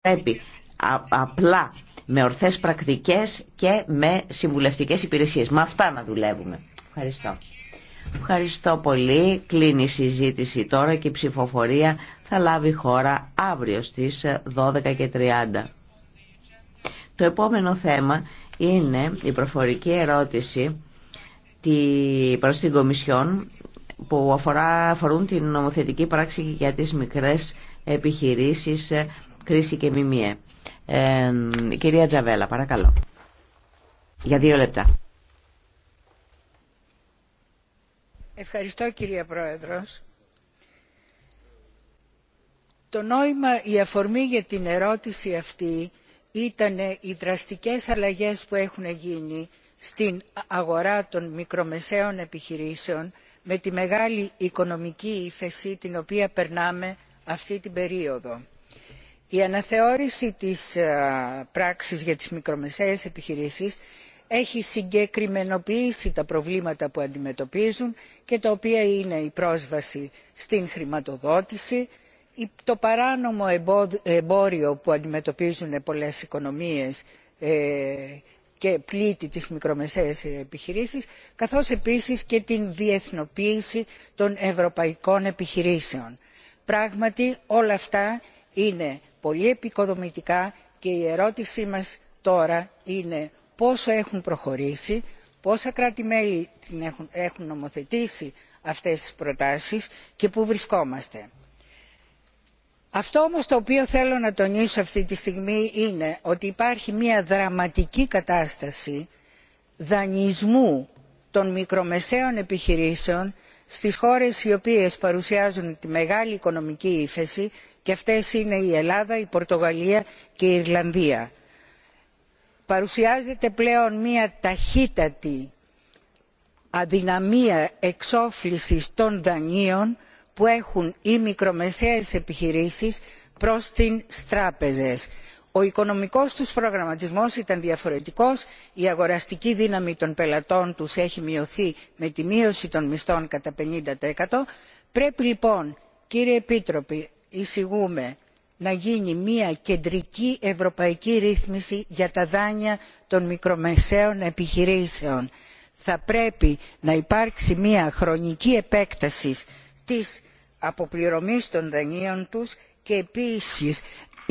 πρέπει απλά με ορθές πρακτικές και με συμβουλευτικές υπηρεσίες. Με αυτά να δουλεύουμε. Ευχαριστώ. Ευχαριστώ πολύ. Κλείνει η συζήτηση τώρα και η ψηφοφορία θα λάβει χώρα αύριο στις 12.30. Το επόμενο θέμα είναι η προφορική ερώτηση προς την Κομισιόν που αφορούν την νομοθετική πράξη για τις μικρές επιχειρήσεις κρίση και μιμιέ. κυρία Τζαβέλα, παρακαλώ. Για δύο λεπτά. Ευχαριστώ κυρία Πρόεδρος. Το νόημα, η αφορμή για την ερώτηση αυτή ήταν οι δραστικές αλλαγές που έχουν γίνει στην αγορά των μικρομεσαίων επιχειρήσεων με τη μεγάλη οικονομική ύφεση την οποία περνάμε αυτή την περίοδο η αναθεώρηση της ε, πράξης για τις μικρομεσαίες επιχειρήσεις έχει συγκεκριμενοποιήσει τα προβλήματα που αντιμετωπίζουν και τα οποία είναι η πρόσβαση στην χρηματοδότηση το παράνομο εμπόριο που αντιμετωπίζουν πολλές οικονομίες ε, και πλήττει τις μικρομεσαίες επιχειρήσεις καθώς επίσης και την διεθνοποίηση των ευρωπαϊκών επιχειρήσεων. πράγματι όλα αυτά είναι πολύ επικοδομητικά και η ερώτησή μας τώρα είναι πόσο έχουν προχωρήσει πόσα κράτη μέλη έχουν νομοθετήσει αυτές τις προτάσεις και πού βρισκόμαστε. αυτό όμως το οποίο θέλω να τονίσω αυτή τη στιγμή είναι ότι υπάρχει μια δραματική κατάσταση δανεισμού των μικρομεσαίων επιχειρήσεων στις χώρες οι οποίες παρουσιάζουν τη μεγάλη οικονομική ύφεση και αυτές είναι η ελλάδα η πορτογαλία και η ιρλανδία. παρουσιάζεται πλέον μια ταχύτατη αδυναμία εξόφλησης των δανείων που έχουν οι μικρομεσαίες επιχειρήσεις προς τις τράπεζες ο οικονομικός τους προγραμματισμός ήταν διαφορετικός η αγοραστική δύναμη των πελατών τους έχει μειωθεί με τη μείωση των μισθών κατά 50%. πρέπει λοιπόν κύριε επίτροπε εισηγούμε να γίνει μια κεντρική ευρωπαϊκή ρύθμιση για τα δάνεια των μικρομεσαίων επιχειρήσεων. θα πρέπει να υπάρξει μια χρονική επέκταση της αποπληρωμής των δανείων τους και επίσης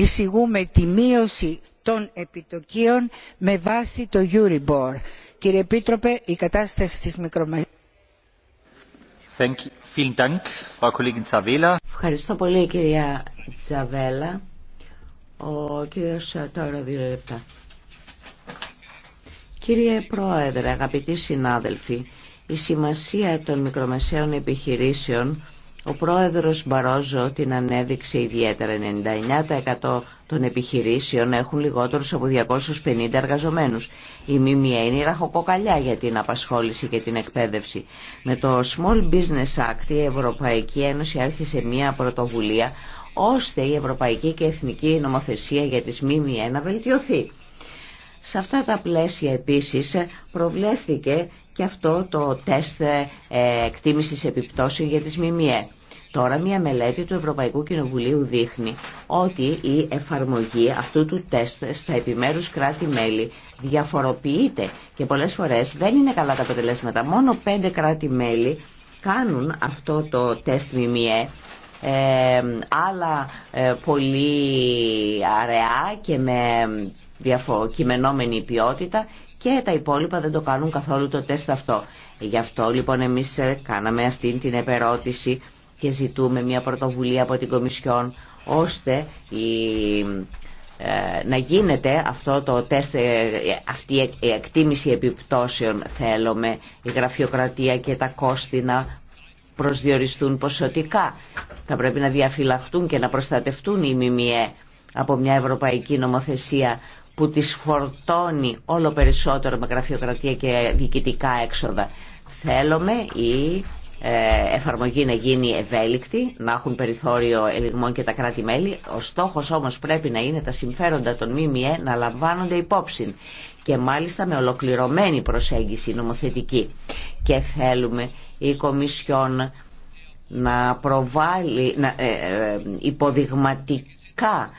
εισηγούμε τη μείωση των επιτοκίων με βάση το euribor. κύριε επίτροπε η κατάσταση στις μικρομεσαίες Ευχαριστώ πολύ κυρία Τζαβέλα. Ο κύριος τώρα δύο λεπτά. Κύριε Πρόεδρε, αγαπητοί συνάδελφοι, η σημασία των μικρομεσαίων επιχειρήσεων ο πρόεδρος Μπαρόζο την ανέδειξε ιδιαίτερα. 99% των επιχειρήσεων έχουν λιγότερους από 250 εργαζομένους. Η ΜΜΕ είναι η ραχοκοκαλιά για την απασχόληση και την εκπαίδευση. Με το Small Business Act η Ευρωπαϊκή Ένωση άρχισε μια πρωτοβουλία ώστε η ευρωπαϊκή και εθνική νομοθεσία για τις ΜΜΕ να βελτιωθεί. Σε αυτά τα πλαίσια επίσης προβλέφθηκε και αυτό το τεστ ε, εκτίμησης επιπτώσεων για τις ΜΜΕ. Τώρα μια μελέτη του Ευρωπαϊκού Κοινοβουλίου δείχνει ότι η εφαρμογή αυτού του τεστ στα επιμέρους κράτη-μέλη διαφοροποιείται και πολλές φορές δεν είναι καλά τα αποτελέσματα. Μόνο πέντε κράτη-μέλη κάνουν αυτό το τεστ ΜΜΕ ε, άλλα ε, πολύ αραιά και με διαφοκειμενόμενη ποιότητα και τα υπόλοιπα δεν το κάνουν καθόλου το τεστ αυτό. Γι' αυτό λοιπόν εμείς ε, κάναμε αυτή την επερώτηση και ζητούμε μια πρωτοβουλία από την Κομισιόν ώστε η, ε, να γίνεται αυτό το τεστ, ε, αυτή η εκτίμηση επιπτώσεων θέλουμε, η γραφειοκρατία και τα κόστη να προσδιοριστούν ποσοτικά. Θα πρέπει να διαφυλαχτούν και να προστατευτούν οι ΜΜΕ από μια ευρωπαϊκή νομοθεσία που τις φορτώνει όλο περισσότερο με γραφειοκρατία και διοικητικά έξοδα. Θέλουμε η ε, εφαρμογή να γίνει ευέλικτη, να έχουν περιθώριο ελιγμών και τα κράτη-μέλη. Ο στόχος όμως πρέπει να είναι τα συμφέροντα των ΜΜΕ να λαμβάνονται υπόψη και μάλιστα με ολοκληρωμένη προσέγγιση νομοθετική. Και θέλουμε η Κομισιόν να προβάλλει να, ε, ε, υποδειγματικά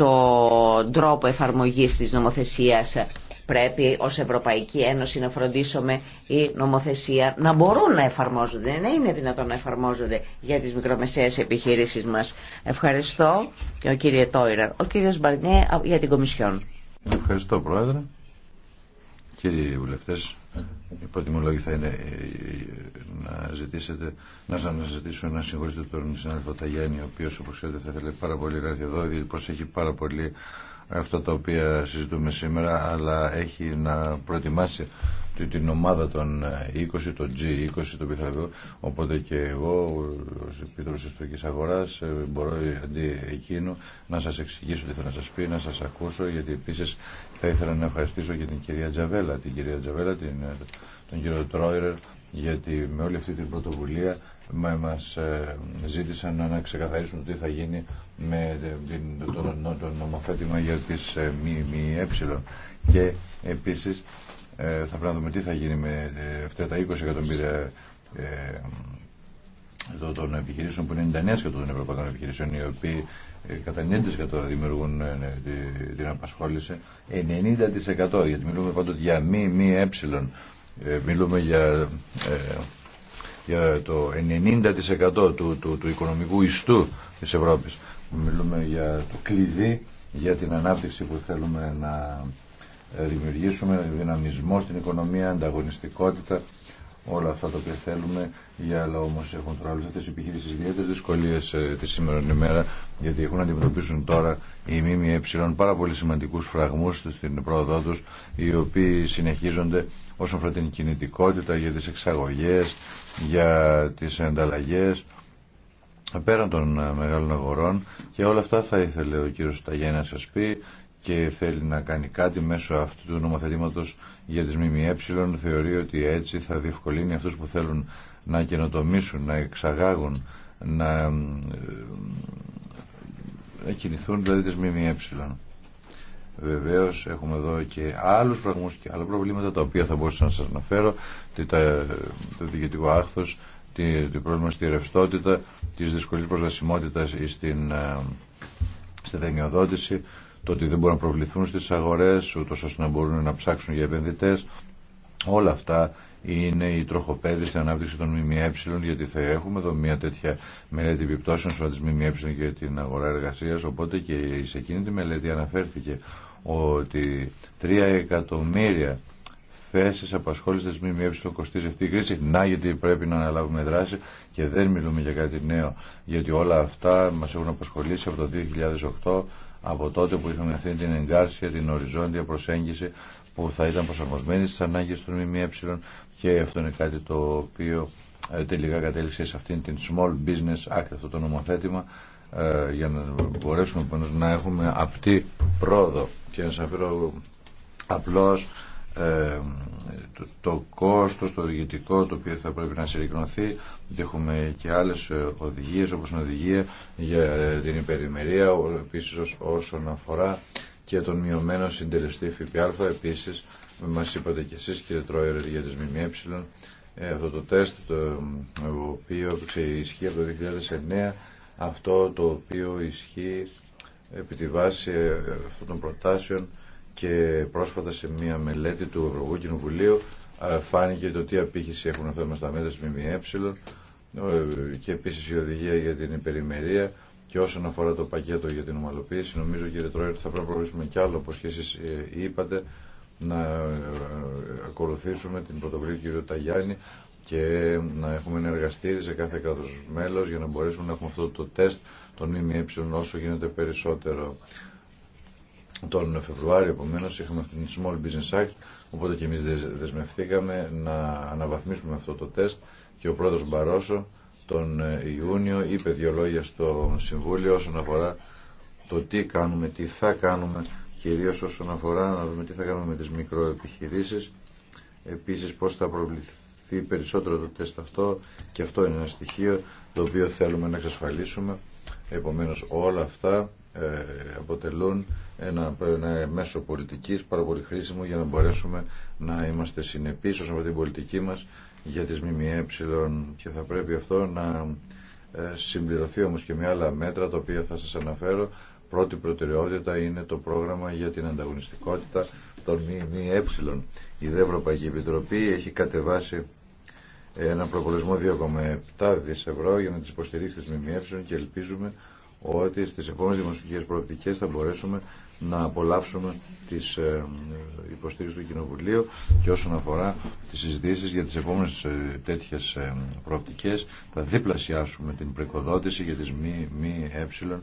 τον τρόπο εφαρμογής της νομοθεσίας. Πρέπει ως Ευρωπαϊκή Ένωση να φροντίσουμε η νομοθεσία να μπορούν να εφαρμόζονται, να είναι δυνατόν να εφαρμόζονται για τις μικρομεσαίες επιχειρήσεις μας. Ευχαριστώ και ο κύριε Τόιρα. Ο κύριος Μπαρνιέ για την Κομισιόν. Ευχαριστώ Πρόεδρε. Κύριοι βουλευτές, η πρώτη μου λόγη θα είναι ε, να ζητήσετε, να σας ζητήσω να συγχωρήσετε τον συνάδελφο Ταγιάννη, ο οποίο, όπω ξέρετε θα ήθελε πάρα πολύ να έρθει εδώ, διότι προσέχει πάρα πολύ αυτά τα οποία συζητούμε σήμερα, αλλά έχει να προετοιμάσει την ομάδα των 20, τον G20, τον Πιθανό. Οπότε και εγώ, ω Επίτροπο Ιστορική Αγορά, ε, μπορώ αντί εκείνου να σα εξηγήσω τι θέλω να σα πει, να σα ακούσω, γιατί επίση θα ήθελα να ευχαριστήσω και την κυρία Τζαβέλα, την κυρία Τζαβέλα, την, ε, τον κύριο Τρόιρερ, γιατί με όλη αυτή την πρωτοβουλία μας ε, ζήτησαν να ξεκαθαρίσουν τι θα γίνει με το νομοθέτημα για τις ΜΜΕ ε, και επίσης ε, θα πρέπει να δούμε τι θα γίνει με αυτά τα 20 εκατομμύρια των επιχειρήσεων που είναι 99% των ευρωπαϊκών επιχειρήσεων οι οποίοι κατά 90% δημιουργούν ναι, την απασχόληση 90% γιατί μιλούμε πάντοτε για μη μη ε μιλούμε για για ε, το 90% του, του, του οικονομικού ιστού της Ευρώπης. Μιλούμε για το κλειδί για την ανάπτυξη που θέλουμε να ε, δημιουργήσουμε, δυναμισμό στην οικονομία, ανταγωνιστικότητα, όλα αυτά τα οποία θέλουμε, για αλλά όμως έχουν τώρα όλες αυτές οι επιχείρησεις ιδιαίτερες δυσκολίες ε, τη σήμερα ημέρα, γιατί έχουν να αντιμετωπίσουν τώρα οι ΜΜΕ πάρα πολύ σημαντικούς φραγμούς στην πρόοδό τους, οι οποίοι συνεχίζονται όσον αφορά κινητικότητα για τις εξαγωγές, για τις ενταλλαγές πέραν των ε, μεγάλων αγορών και όλα αυτά θα ήθελε ο κύριος Σταγιά να σας πει και θέλει να κάνει κάτι μέσω αυτού του νομοθετήματος για τις ΜΜΕ θεωρεί ότι έτσι θα διευκολύνει αυτούς που θέλουν να καινοτομήσουν, να εξαγάγουν να, να ε, ε, κινηθούν δηλαδή τις ΜΜΕ. Βεβαίω έχουμε εδώ και άλλου φραγμού και άλλα προβλήματα τα οποία θα μπορούσα να σα αναφέρω. Το διοικητικό άρθρο, το πρόβλημα στη ρευστότητα, τι δυσκολίε προσβασιμότητα στην, ε, στη δανειοδότηση, το ότι δεν μπορούν να προβληθούν στι αγορέ, ούτω ώστε να μπορούν να ψάξουν για επενδυτέ. Όλα αυτά είναι η τροχοπέδη στην ανάπτυξη των ΜΜΕ, γιατί θα έχουμε εδώ μια τέτοια μελέτη επιπτώσεων σχετικά τη ΜΜΕ και την αγορά εργασία. Οπότε και σε εκείνη τη μελέτη αναφέρθηκε ότι 3 εκατομμύρια θέσει απασχόληση τη ΜΜΕ κοστίζει αυτή η κρίση. Να γιατί πρέπει να αναλάβουμε δράση και δεν μιλούμε για κάτι νέο. Γιατί όλα αυτά μας έχουν απασχολήσει από το 2008, από τότε που είχαμε αυτή την εγκάρσια, την οριζόντια προσέγγιση που θα ήταν προσαρμοσμένη στι ανάγκες των ΜΜΕ και αυτό είναι κάτι το οποίο ε, τελικά κατέληξε σε αυτήν την Small Business Act, αυτό το νομοθέτημα ε, για να μπορέσουμε να έχουμε απτή πρόοδο και να σας αναφέρω απλώς ε, το, το κόστος, το διοικητικό το οποίο θα πρέπει να συρρυκνωθεί έχουμε και άλλες ε, οδηγίες όπως είναι οδηγία για ε, την υπερημερία επίσης όσον αφορά και τον μειωμένο συντελεστή ΦΠΑ επίσης μας είπατε και εσείς κύριε Τρόιερ για τις ΜΜΕ ε, αυτό το τεστ το, οποίο ισχύει από το 2009 αυτό το οποίο ισχύει επί τη βάση ε, αυτών των προτάσεων και πρόσφατα σε μια μελέτη του Ευρωπαϊκού Κοινοβουλίου ε, φάνηκε το τι απήχηση έχουν αυτά μας τα μέτρα της ΜΜΕ ε, και επίσης η οδηγία για την υπερημερία και όσον αφορά το πακέτο για την ομαλοποίηση νομίζω κύριε ότι θα πρέπει να προχωρήσουμε κι άλλο όπως και εσείς είπατε να ακολουθήσουμε την πρωτοβουλία του κ. Ταγιάννη και να έχουμε ένα εργαστήρι σε κάθε κράτο μέλος για να μπορέσουμε να έχουμε αυτό το τεστ των ΜΜΕ όσο γίνεται περισσότερο τον Φεβρουάριο. Επομένω, είχαμε αυτήν την Small Business Act, οπότε και εμεί δεσμευθήκαμε να αναβαθμίσουμε αυτό το τεστ και ο πρόεδρο Μπαρόσο τον ε, Ιούνιο είπε δύο λόγια στο Συμβούλιο όσον αφορά το τι κάνουμε, τι θα κάνουμε, κυρίως όσον αφορά να δούμε τι θα κάνουμε με τις μικροεπιχειρήσεις, επίσης πώς θα προβληθεί προωθηθεί περισσότερο το τεστ αυτό και αυτό είναι ένα στοιχείο το οποίο θέλουμε να εξασφαλίσουμε. Επομένως όλα αυτά ε, αποτελούν ένα, ένα μέσο πολιτικής πάρα πολύ χρήσιμο για να μπορέσουμε να είμαστε συνεπείς με την πολιτική μας για τις ΜΜΕ και θα πρέπει αυτό να ε, συμπληρωθεί όμως και με άλλα μέτρα τα οποία θα σας αναφέρω. Πρώτη προτεραιότητα είναι το πρόγραμμα για την ανταγωνιστικότητα των ΜΜΕ. Η Ευρωπαϊκή Επιτροπή έχει κατεβάσει ένα προπολογισμό 2,7 δις ευρώ για να τις υποστηρίξει τις ΜΜΕ και ελπίζουμε ότι στις επόμενες δημοσιογικές προοπτικές θα μπορέσουμε να απολαύσουμε τις ε, υποστήριξη του Κοινοβουλίου και όσον αφορά τις συζητήσεις για τις επόμενες ε, τέτοιες ε, προοπτικές θα διπλασιάσουμε την πρεκοδότηση για τις ΜΜΕ ε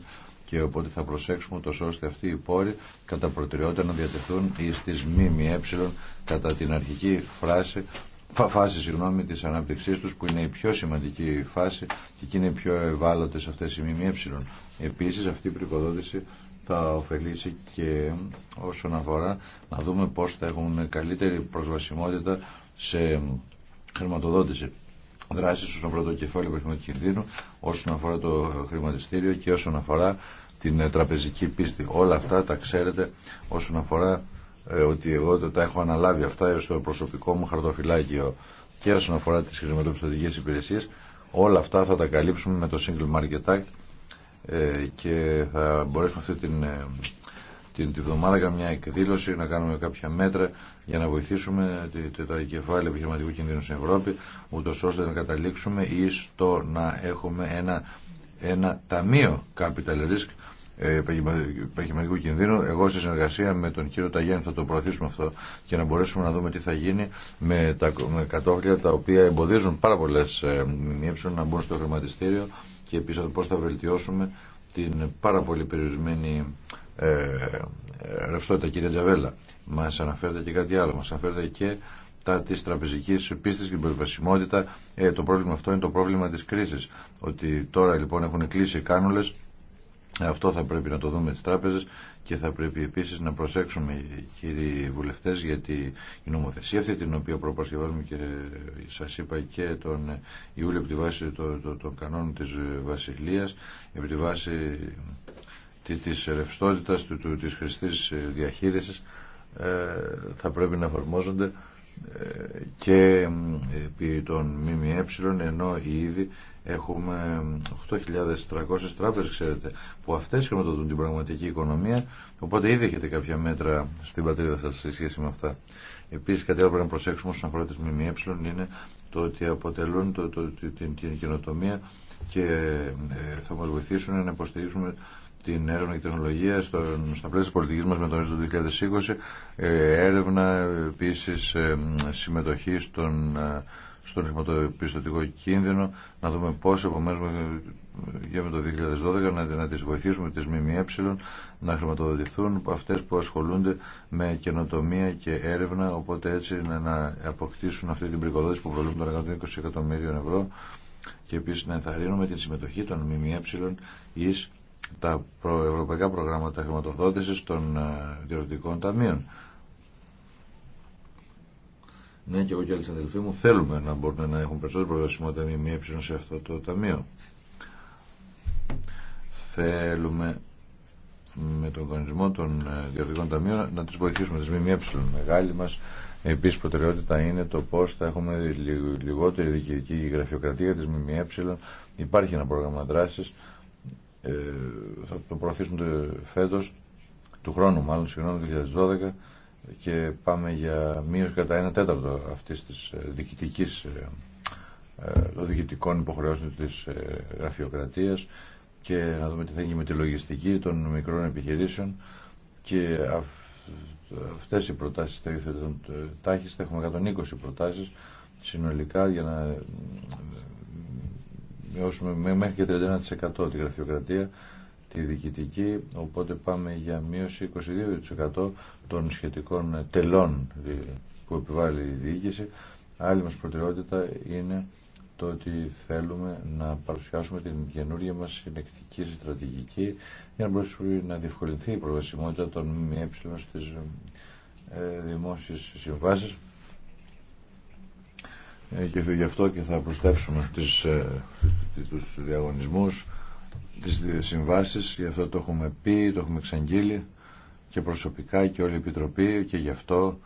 και οπότε θα προσέξουμε τόσο ώστε αυτοί οι πόροι κατά προτεραιότητα να διατεθούν τις ΜΜΕ κατά την αρχική φράση φάση συγγνώμη, της ανάπτυξής τους που είναι η πιο σημαντική φάση και εκεί είναι οι πιο ευάλωτες αυτές οι ΜΜΕ. Επίσης αυτή η πρικοδότηση θα ωφελήσει και όσον αφορά να δούμε πώς θα έχουν καλύτερη προσβασιμότητα σε χρηματοδότηση δράσεις στον πρώτο κεφάλαιο παιχνικού κινδύνου όσον αφορά το χρηματιστήριο και όσον αφορά την τραπεζική πίστη. Όλα αυτά τα ξέρετε όσον αφορά ε, ότι εγώ τα έχω αναλάβει αυτά στο προσωπικό μου χαρτοφυλάκιο και όσον αφορά τις χρηματοπιστωτικές υπηρεσίες όλα αυτά θα τα καλύψουμε με το Single Market Act ε, και θα μπορέσουμε αυτή την, ε, την, τη κάνουμε μια εκδήλωση να κάνουμε κάποια μέτρα για να βοηθήσουμε τα κεφάλαια επιχειρηματικού κινδύνου στην Ευρώπη ούτω ώστε να καταλήξουμε ή στο να έχουμε ένα, ένα ταμείο capital risk ε, επαγγελματικού κινδύνου. Εγώ σε συνεργασία με τον κύριο Ταγιάννη θα το προωθήσουμε αυτό και να μπορέσουμε να δούμε τι θα γίνει με τα με κατόφλια τα οποία εμποδίζουν πάρα πολλέ ε, ΜΜΕ να μπουν στο χρηματιστήριο και επίση πώ θα βελτιώσουμε την πάρα πολύ περιορισμένη ε, ε ρευστότητα. Κύριε Τζαβέλα, μα αναφέρεται και κάτι άλλο. Μα αναφέρεται και τα τη τραπεζική πίστη και την προσβασιμότητα. το πρόβλημα αυτό είναι το πρόβλημα τη κρίση. Ότι τώρα λοιπόν έχουν κλείσει οι αυτό θα πρέπει να το δούμε τις τράπεζες και θα πρέπει επίσης να προσέξουμε κύριοι βουλευτές γιατί η νομοθεσία αυτή την οποία προπαρασκευάζουμε και σας είπα και τον Ιούλιο από τη βάση των, κανόνων της Βασιλείας από τη βάση της ρευστότητας, της χρηστής ε, διαχείρισης ε, θα πρέπει να εφαρμόζονται και ε, επί των ΜΜΕ ενώ ήδη έχουμε 8.300 τράπεζες ξέρετε που αυτές χρηματοδοτούν την πραγματική οικονομία οπότε ήδη έχετε κάποια μέτρα στην πατρίδα σας σε σχέση με αυτά επίσης κάτι άλλο πρέπει να προσέξουμε όσον αφορά τις ΜΜΕ είναι το ότι αποτελούν το, το, την, την καινοτομία και ε, θα μας βοηθήσουν να υποστηρίξουμε την έρευνα και τεχνολογία στο, στα πλαίσια της πολιτικής μας με τον ΕΣΤΟ 2020, ε, έρευνα επίση ε, συμμετοχή στον, ε, στον χρηματοπιστωτικό κίνδυνο, να δούμε πώς επομένως για με το 2012 να, να τις βοηθήσουμε τις ΜΜΕ να χρηματοδοτηθούν αυτές που ασχολούνται με καινοτομία και έρευνα οπότε έτσι να, να αποκτήσουν αυτή την πρικοδότηση που προβλέπουν των 120 εκατομμύριων ευρώ και επίσης να ενθαρρύνουμε την συμμετοχή των ΜΜΕ εις τα ευρωπαϊκά προγράμματα χρηματοδότησης των ε, διορθωτικών ταμείων. Ναι, και εγώ και άλλοι αδελφοί μου θέλουμε να μπορούν να έχουν περισσότερη προσβασιμότητα ΜΜΕ σε αυτό το ταμείο. Θέλουμε με τον κανονισμό των ε, διορθωτικών ταμείων να τις βοηθήσουμε τις ΜΜΕ. Μεγάλη μας επίσης προτεραιότητα είναι το πώ θα έχουμε λιγότερη δικαιωτική γραφειοκρατία τη ΜΜΕ. Υπάρχει ένα πρόγραμμα δράση. Ε, θα το προωθήσουμε φέτος, του χρόνου μάλλον, συγγνώμη, του 2012 και πάμε για μείωση κατά ένα τέταρτο αυτής της ε, διοικητικής ε, των διοικητικών υποχρεώσεων της γραφειοκρατίας και να δούμε τι θα γίνει με τη λογιστική των μικρών επιχειρήσεων και αυτές οι προτάσεις θα υιοθετηθούν τάχιστα, έχουμε 120 προτάσεις συνολικά για να μειώσουμε μέχρι και 31% τη γραφειοκρατία, τη διοικητική, οπότε πάμε για μείωση 22% των σχετικών τελών που επιβάλλει η διοίκηση. Άλλη μας προτεραιότητα είναι το ότι θέλουμε να παρουσιάσουμε την καινούργια μας συνεκτική στρατηγική για να μπορέσουμε να διευκολυνθεί η προβασιμότητα των ΜΜΕ στις ε, δημόσιες συμβάσεις ε, και γι' αυτό και θα προσθέσουμε τις, ε, τους διαγωνισμούς τις συμβάσεις γι' αυτό το έχουμε πει, το έχουμε εξαγγείλει και προσωπικά και όλη η Επιτροπή και γι' αυτό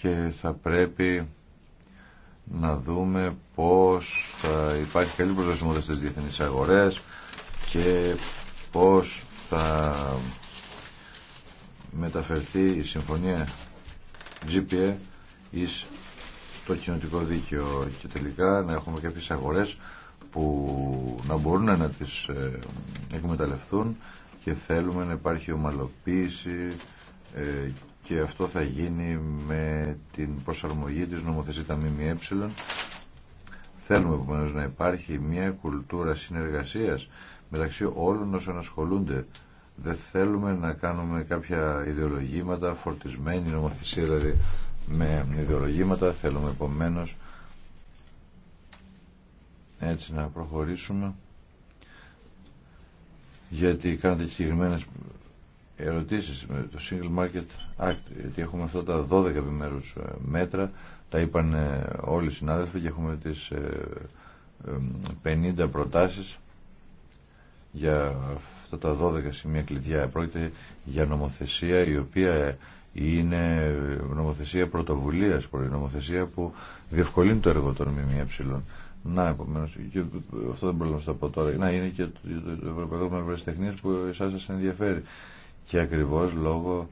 και θα πρέπει να δούμε πώς θα υπάρχει καλή προσβασιμότητα στις διεθνείς αγορές και πώς θα μεταφερθεί η συμφωνία GPA εις το κοινωτικό δίκαιο και τελικά να έχουμε κάποιε αγορές που να μπορούν να τις ε, εκμεταλλευτούν και θέλουμε να υπάρχει ομαλοποίηση ε, και αυτό θα γίνει με την προσαρμογή της νομοθεσία τα ΜΜΕ. Θέλουμε επομένως να υπάρχει μια κουλτούρα συνεργασίας μεταξύ όλων όσων ασχολούνται. Δεν θέλουμε να κάνουμε κάποια ιδεολογήματα φορτισμένη νομοθεσία δηλαδή με ιδεολογήματα. Θέλουμε επομένω έτσι να προχωρήσουμε γιατί κάνετε συγκεκριμένε ερωτήσεις με το Single Market Act γιατί έχουμε αυτά τα 12 επιμέρου ε, μέτρα τα είπαν ε, όλοι οι συνάδελφοι και έχουμε τις 50 ε, προτάσεις για αυτά τα 12 σημεία κλειδιά πρόκειται για νομοθεσία η οποία είναι νομοθεσία πρωτοβουλίας, νομοθεσία που διευκολύνει το έργο των ΜΜΕ. Να, επομένως, αυτό δεν μπορώ να το πω τώρα. Να, είναι και το, Ευρωπαϊκό Μαύρες Τεχνία που εσάς σα ενδιαφέρει. Και ακριβώς λόγω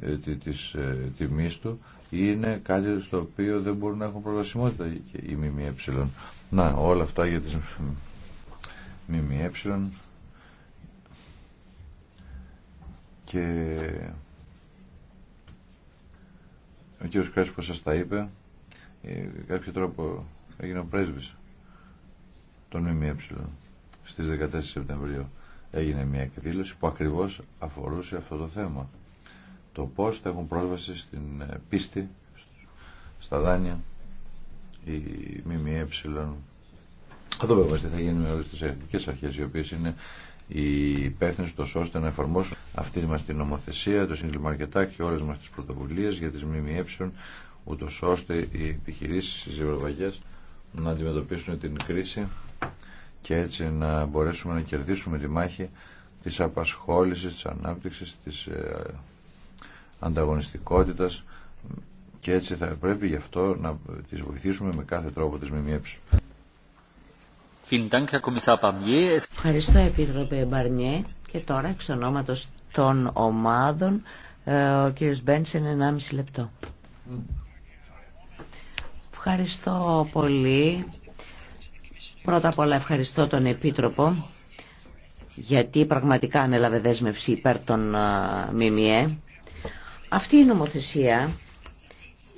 ε, της ε, τιμής του είναι κάτι στο οποίο δεν μπορούν να έχουν προσβασιμότητα οι ΜΜΕ. Να, όλα αυτά για τι ΜΜΕ και ο κύριος Κρέσπος σας τα είπε, ε, κάποιο τρόπο έγινε ο πρέσβης των ΜΜΕ. Στις 14 Σεπτεμβρίου έγινε μια εκδήλωση που ακριβώς αφορούσε αυτό το θέμα. Το πώς θα έχουν πρόσβαση στην ε, πίστη, στα δάνεια, η ΜΜΕ. Αυτό βέβαια θα γίνει με όλε τι ελληνικέ αρχέ, οι οποίες είναι οι υπεύθυνε τόσο ώστε να εφαρμόσουν αυτή μας την νομοθεσία, το σύγκλημα αρκετά και όλε μας τι πρωτοβουλίες για τις ΜΜΕ, ούτω ώστε οι επιχειρήσει οι ευρωπαϊκές να αντιμετωπίσουν την κρίση και έτσι να μπορέσουμε να κερδίσουμε τη μάχη της απασχόλησης, της ανάπτυξης, της ε, ανταγωνιστικότητας και έτσι θα πρέπει γι' αυτό να τις βοηθήσουμε με κάθε τρόπο τις ΜΜΕ. Ευχαριστώ Επίτροπε Μπαρνιέ και τώρα εξ ονόματος των ομάδων ε, ο κύριος Μπένσεν 1,5 λεπτό. Ευχαριστώ πολύ. Πρώτα απ' όλα ευχαριστώ τον Επίτροπο γιατί πραγματικά ανέλαβε δέσμευση υπέρ των ε, ΜΜΕ. Αυτή η νομοθεσία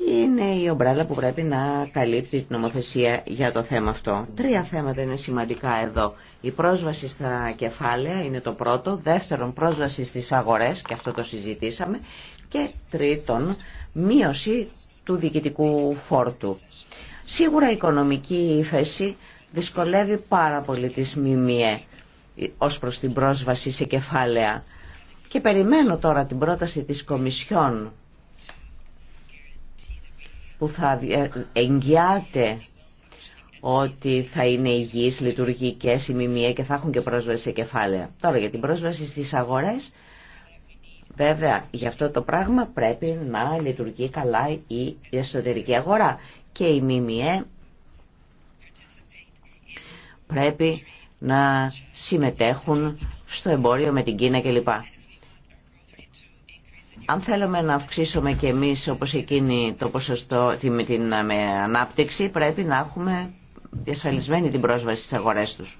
είναι η ομπρέλα που πρέπει να καλύπτει την νομοθεσία για το θέμα αυτό. Τρία θέματα είναι σημαντικά εδώ. Η πρόσβαση στα κεφάλαια είναι το πρώτο, δεύτερον πρόσβαση στις αγορές, και αυτό το συζητήσαμε, και τρίτον μείωση του διοικητικού φόρτου. Σίγουρα η οικονομική ύφεση δυσκολεύει πάρα πολύ τις ΜΜΕ ως προς την πρόσβαση σε κεφάλαια. Και περιμένω τώρα την πρόταση της Κομισιόν που θα ε, εγγυάται ότι θα είναι υγιείς, λειτουργικές, ΜΜΕ και θα έχουν και πρόσβαση σε κεφάλαια. Τώρα για την πρόσβαση στις αγορές, βέβαια για αυτό το πράγμα πρέπει να λειτουργεί καλά η εσωτερική αγορά και η ΜΜΕ πρέπει να συμμετέχουν στο εμπόριο με την Κίνα κλπ αν θέλουμε να αυξήσουμε και εμείς όπως εκείνη το ποσοστό με την με ανάπτυξη πρέπει να έχουμε διασφαλισμένη την πρόσβαση στις αγορές τους.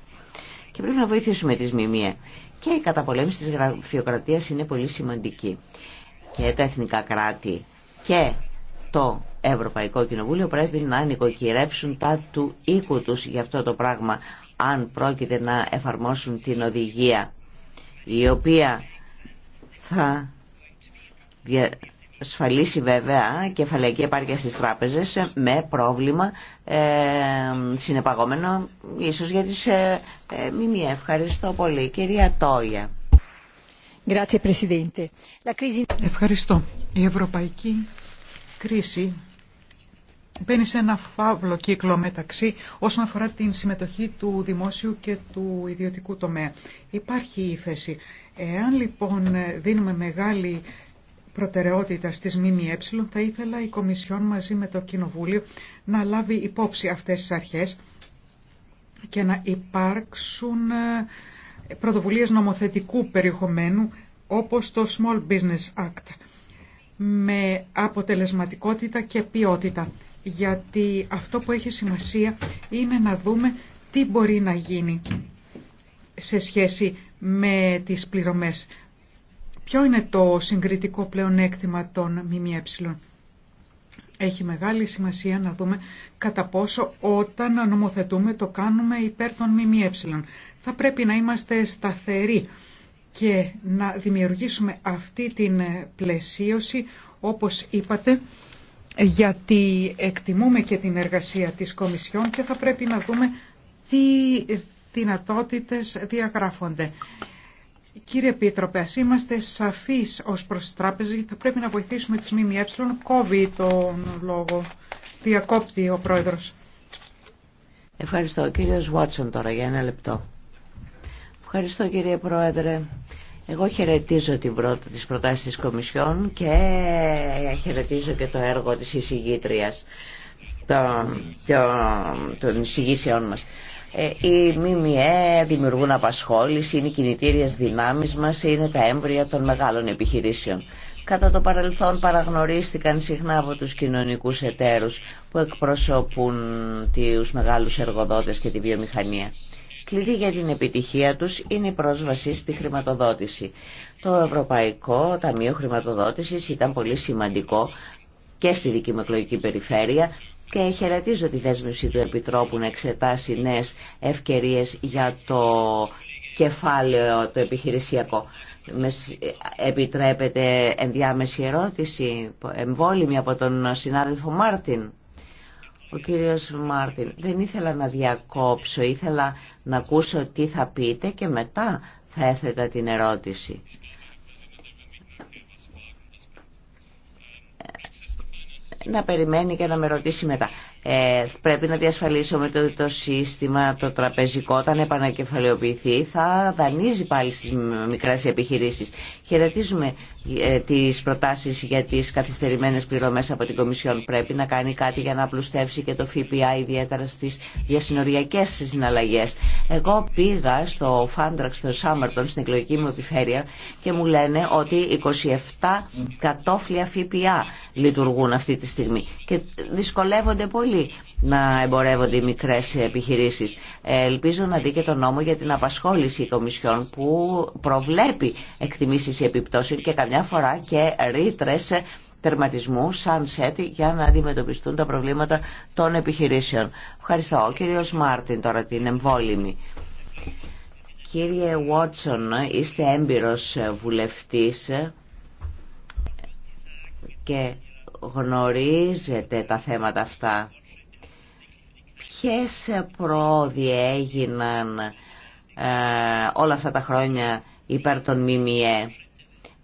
Και πρέπει να βοηθήσουμε τις ΜΜΕ. Και η καταπολέμηση της γραφειοκρατίας είναι πολύ σημαντική. Και τα εθνικά κράτη και το Ευρωπαϊκό Κοινοβούλιο πρέπει να νοικοκυρέψουν τα του οίκου τους για αυτό το πράγμα αν πρόκειται να εφαρμόσουν την οδηγία η οποία θα διασφαλίσει βέβαια κεφαλαϊκή επάρκεια στις τράπεζες με πρόβλημα ε, συνεπαγόμενο ίσως για τις ε, ε μημία. Ευχαριστώ πολύ. Κυρία Τόγια. Ευχαριστώ. Η ευρωπαϊκή κρίση μπαίνει σε ένα φαύλο κύκλο μεταξύ όσον αφορά την συμμετοχή του δημόσιου και του ιδιωτικού τομέα. Υπάρχει ύφεση. Εάν λοιπόν δίνουμε μεγάλη προτεραιότητα της ΜΜΕ θα ήθελα η Κομισιόν μαζί με το Κοινοβούλιο να λάβει υπόψη αυτές τις αρχές και να υπάρξουν ε, πρωτοβουλίες νομοθετικού περιεχομένου όπως το Small Business Act με αποτελεσματικότητα και ποιότητα γιατί αυτό που έχει σημασία είναι να δούμε τι μπορεί να γίνει σε σχέση με τις πληρωμές. Ποιο είναι το συγκριτικό πλεονέκτημα των ΜΜΕ. Έχει μεγάλη σημασία να δούμε κατά πόσο όταν νομοθετούμε το κάνουμε υπέρ των ΜΜΕ. Θα πρέπει να είμαστε σταθεροί και να δημιουργήσουμε αυτή την πλαισίωση, όπως είπατε, γιατί εκτιμούμε και την εργασία της Κομισιόν και θα πρέπει να δούμε τι δυνατότητες διαγράφονται. Κύριε Επίτροπε, ας είμαστε σαφείς ως προς τράπεζες γιατί θα πρέπει να βοηθήσουμε τις ΜΜΕ. Κόβει τον λόγο. Διακόπτει ο Πρόεδρος. Ευχαριστώ. Κύριε κύριος Βάτσον τώρα για ένα λεπτό. Ευχαριστώ κύριε Πρόεδρε. Εγώ χαιρετίζω την πρώτη, τις προτάσεις της Κομισιόν και χαιρετίζω και το έργο της εισηγήτριας των, των εισηγήσεών μας. Ε, οι ΜΜΕ δημιουργούν απασχόληση, είναι οι κινητήριες δυνάμεις μας, είναι τα έμβρια των μεγάλων επιχειρήσεων. Κατά το παρελθόν παραγνωρίστηκαν συχνά από τους κοινωνικούς εταίρους που εκπροσωπούν τους μεγάλους εργοδότες και τη βιομηχανία. Κλειδί για την επιτυχία τους είναι η πρόσβαση στη χρηματοδότηση. Το Ευρωπαϊκό Ταμείο Χρηματοδότησης ήταν πολύ σημαντικό και στη δική μου περιφέρεια και χαιρετίζω τη δέσμευση του Επιτρόπου να εξετάσει νέες ευκαιρίες για το κεφάλαιο το επιχειρησιακό. Επιτρέπεται ενδιάμεση ερώτηση, εμβόλυμη από τον συνάδελφο Μάρτιν. Ο κύριος Μάρτιν, δεν ήθελα να διακόψω, ήθελα να ακούσω τι θα πείτε και μετά θα έθετα την ερώτηση. να περιμένει και να με ρωτήσει μετά. Ε, πρέπει να διασφαλίσουμε ότι το, το σύστημα το τραπεζικό όταν επανακεφαλαιοποιηθεί θα δανείζει πάλι στις μικρές επιχειρήσεις. Χαιρετίζουμε ε, τις προτάσεις για τις καθυστερημένες πληρωμές από την Κομισιόν. Πρέπει να κάνει κάτι για να απλουστεύσει και το ΦΠΑ ιδιαίτερα στις διασυνοριακές συναλλαγές. Εγώ πήγα στο Φάντραξ, στο Σάμαρτον, στην εκλογική μου επιφέρεια και μου λένε ότι 27 κατόφλια ΦΠΑ λειτουργούν αυτή τη στιγμή και δυσκολεύονται πολύ να εμπορεύονται οι μικρές επιχειρήσεις. Ελπίζω να δει και τον νόμο για την απασχόληση κομισιών που προβλέπει εκτιμήσεις επιπτώσεων και καμιά φορά και ρήτρε τερματισμού σαν σέτη για να αντιμετωπιστούν τα προβλήματα των επιχειρήσεων. Ευχαριστώ. Ο κύριος Μάρτιν τώρα την εμβόλυμη. Κύριε Βότσον, είστε έμπειρος βουλευτής και γνωρίζετε τα θέματα αυτά ποιες πρόοδοι έγιναν ε, όλα αυτά τα χρόνια υπέρ των ΜΜΕ.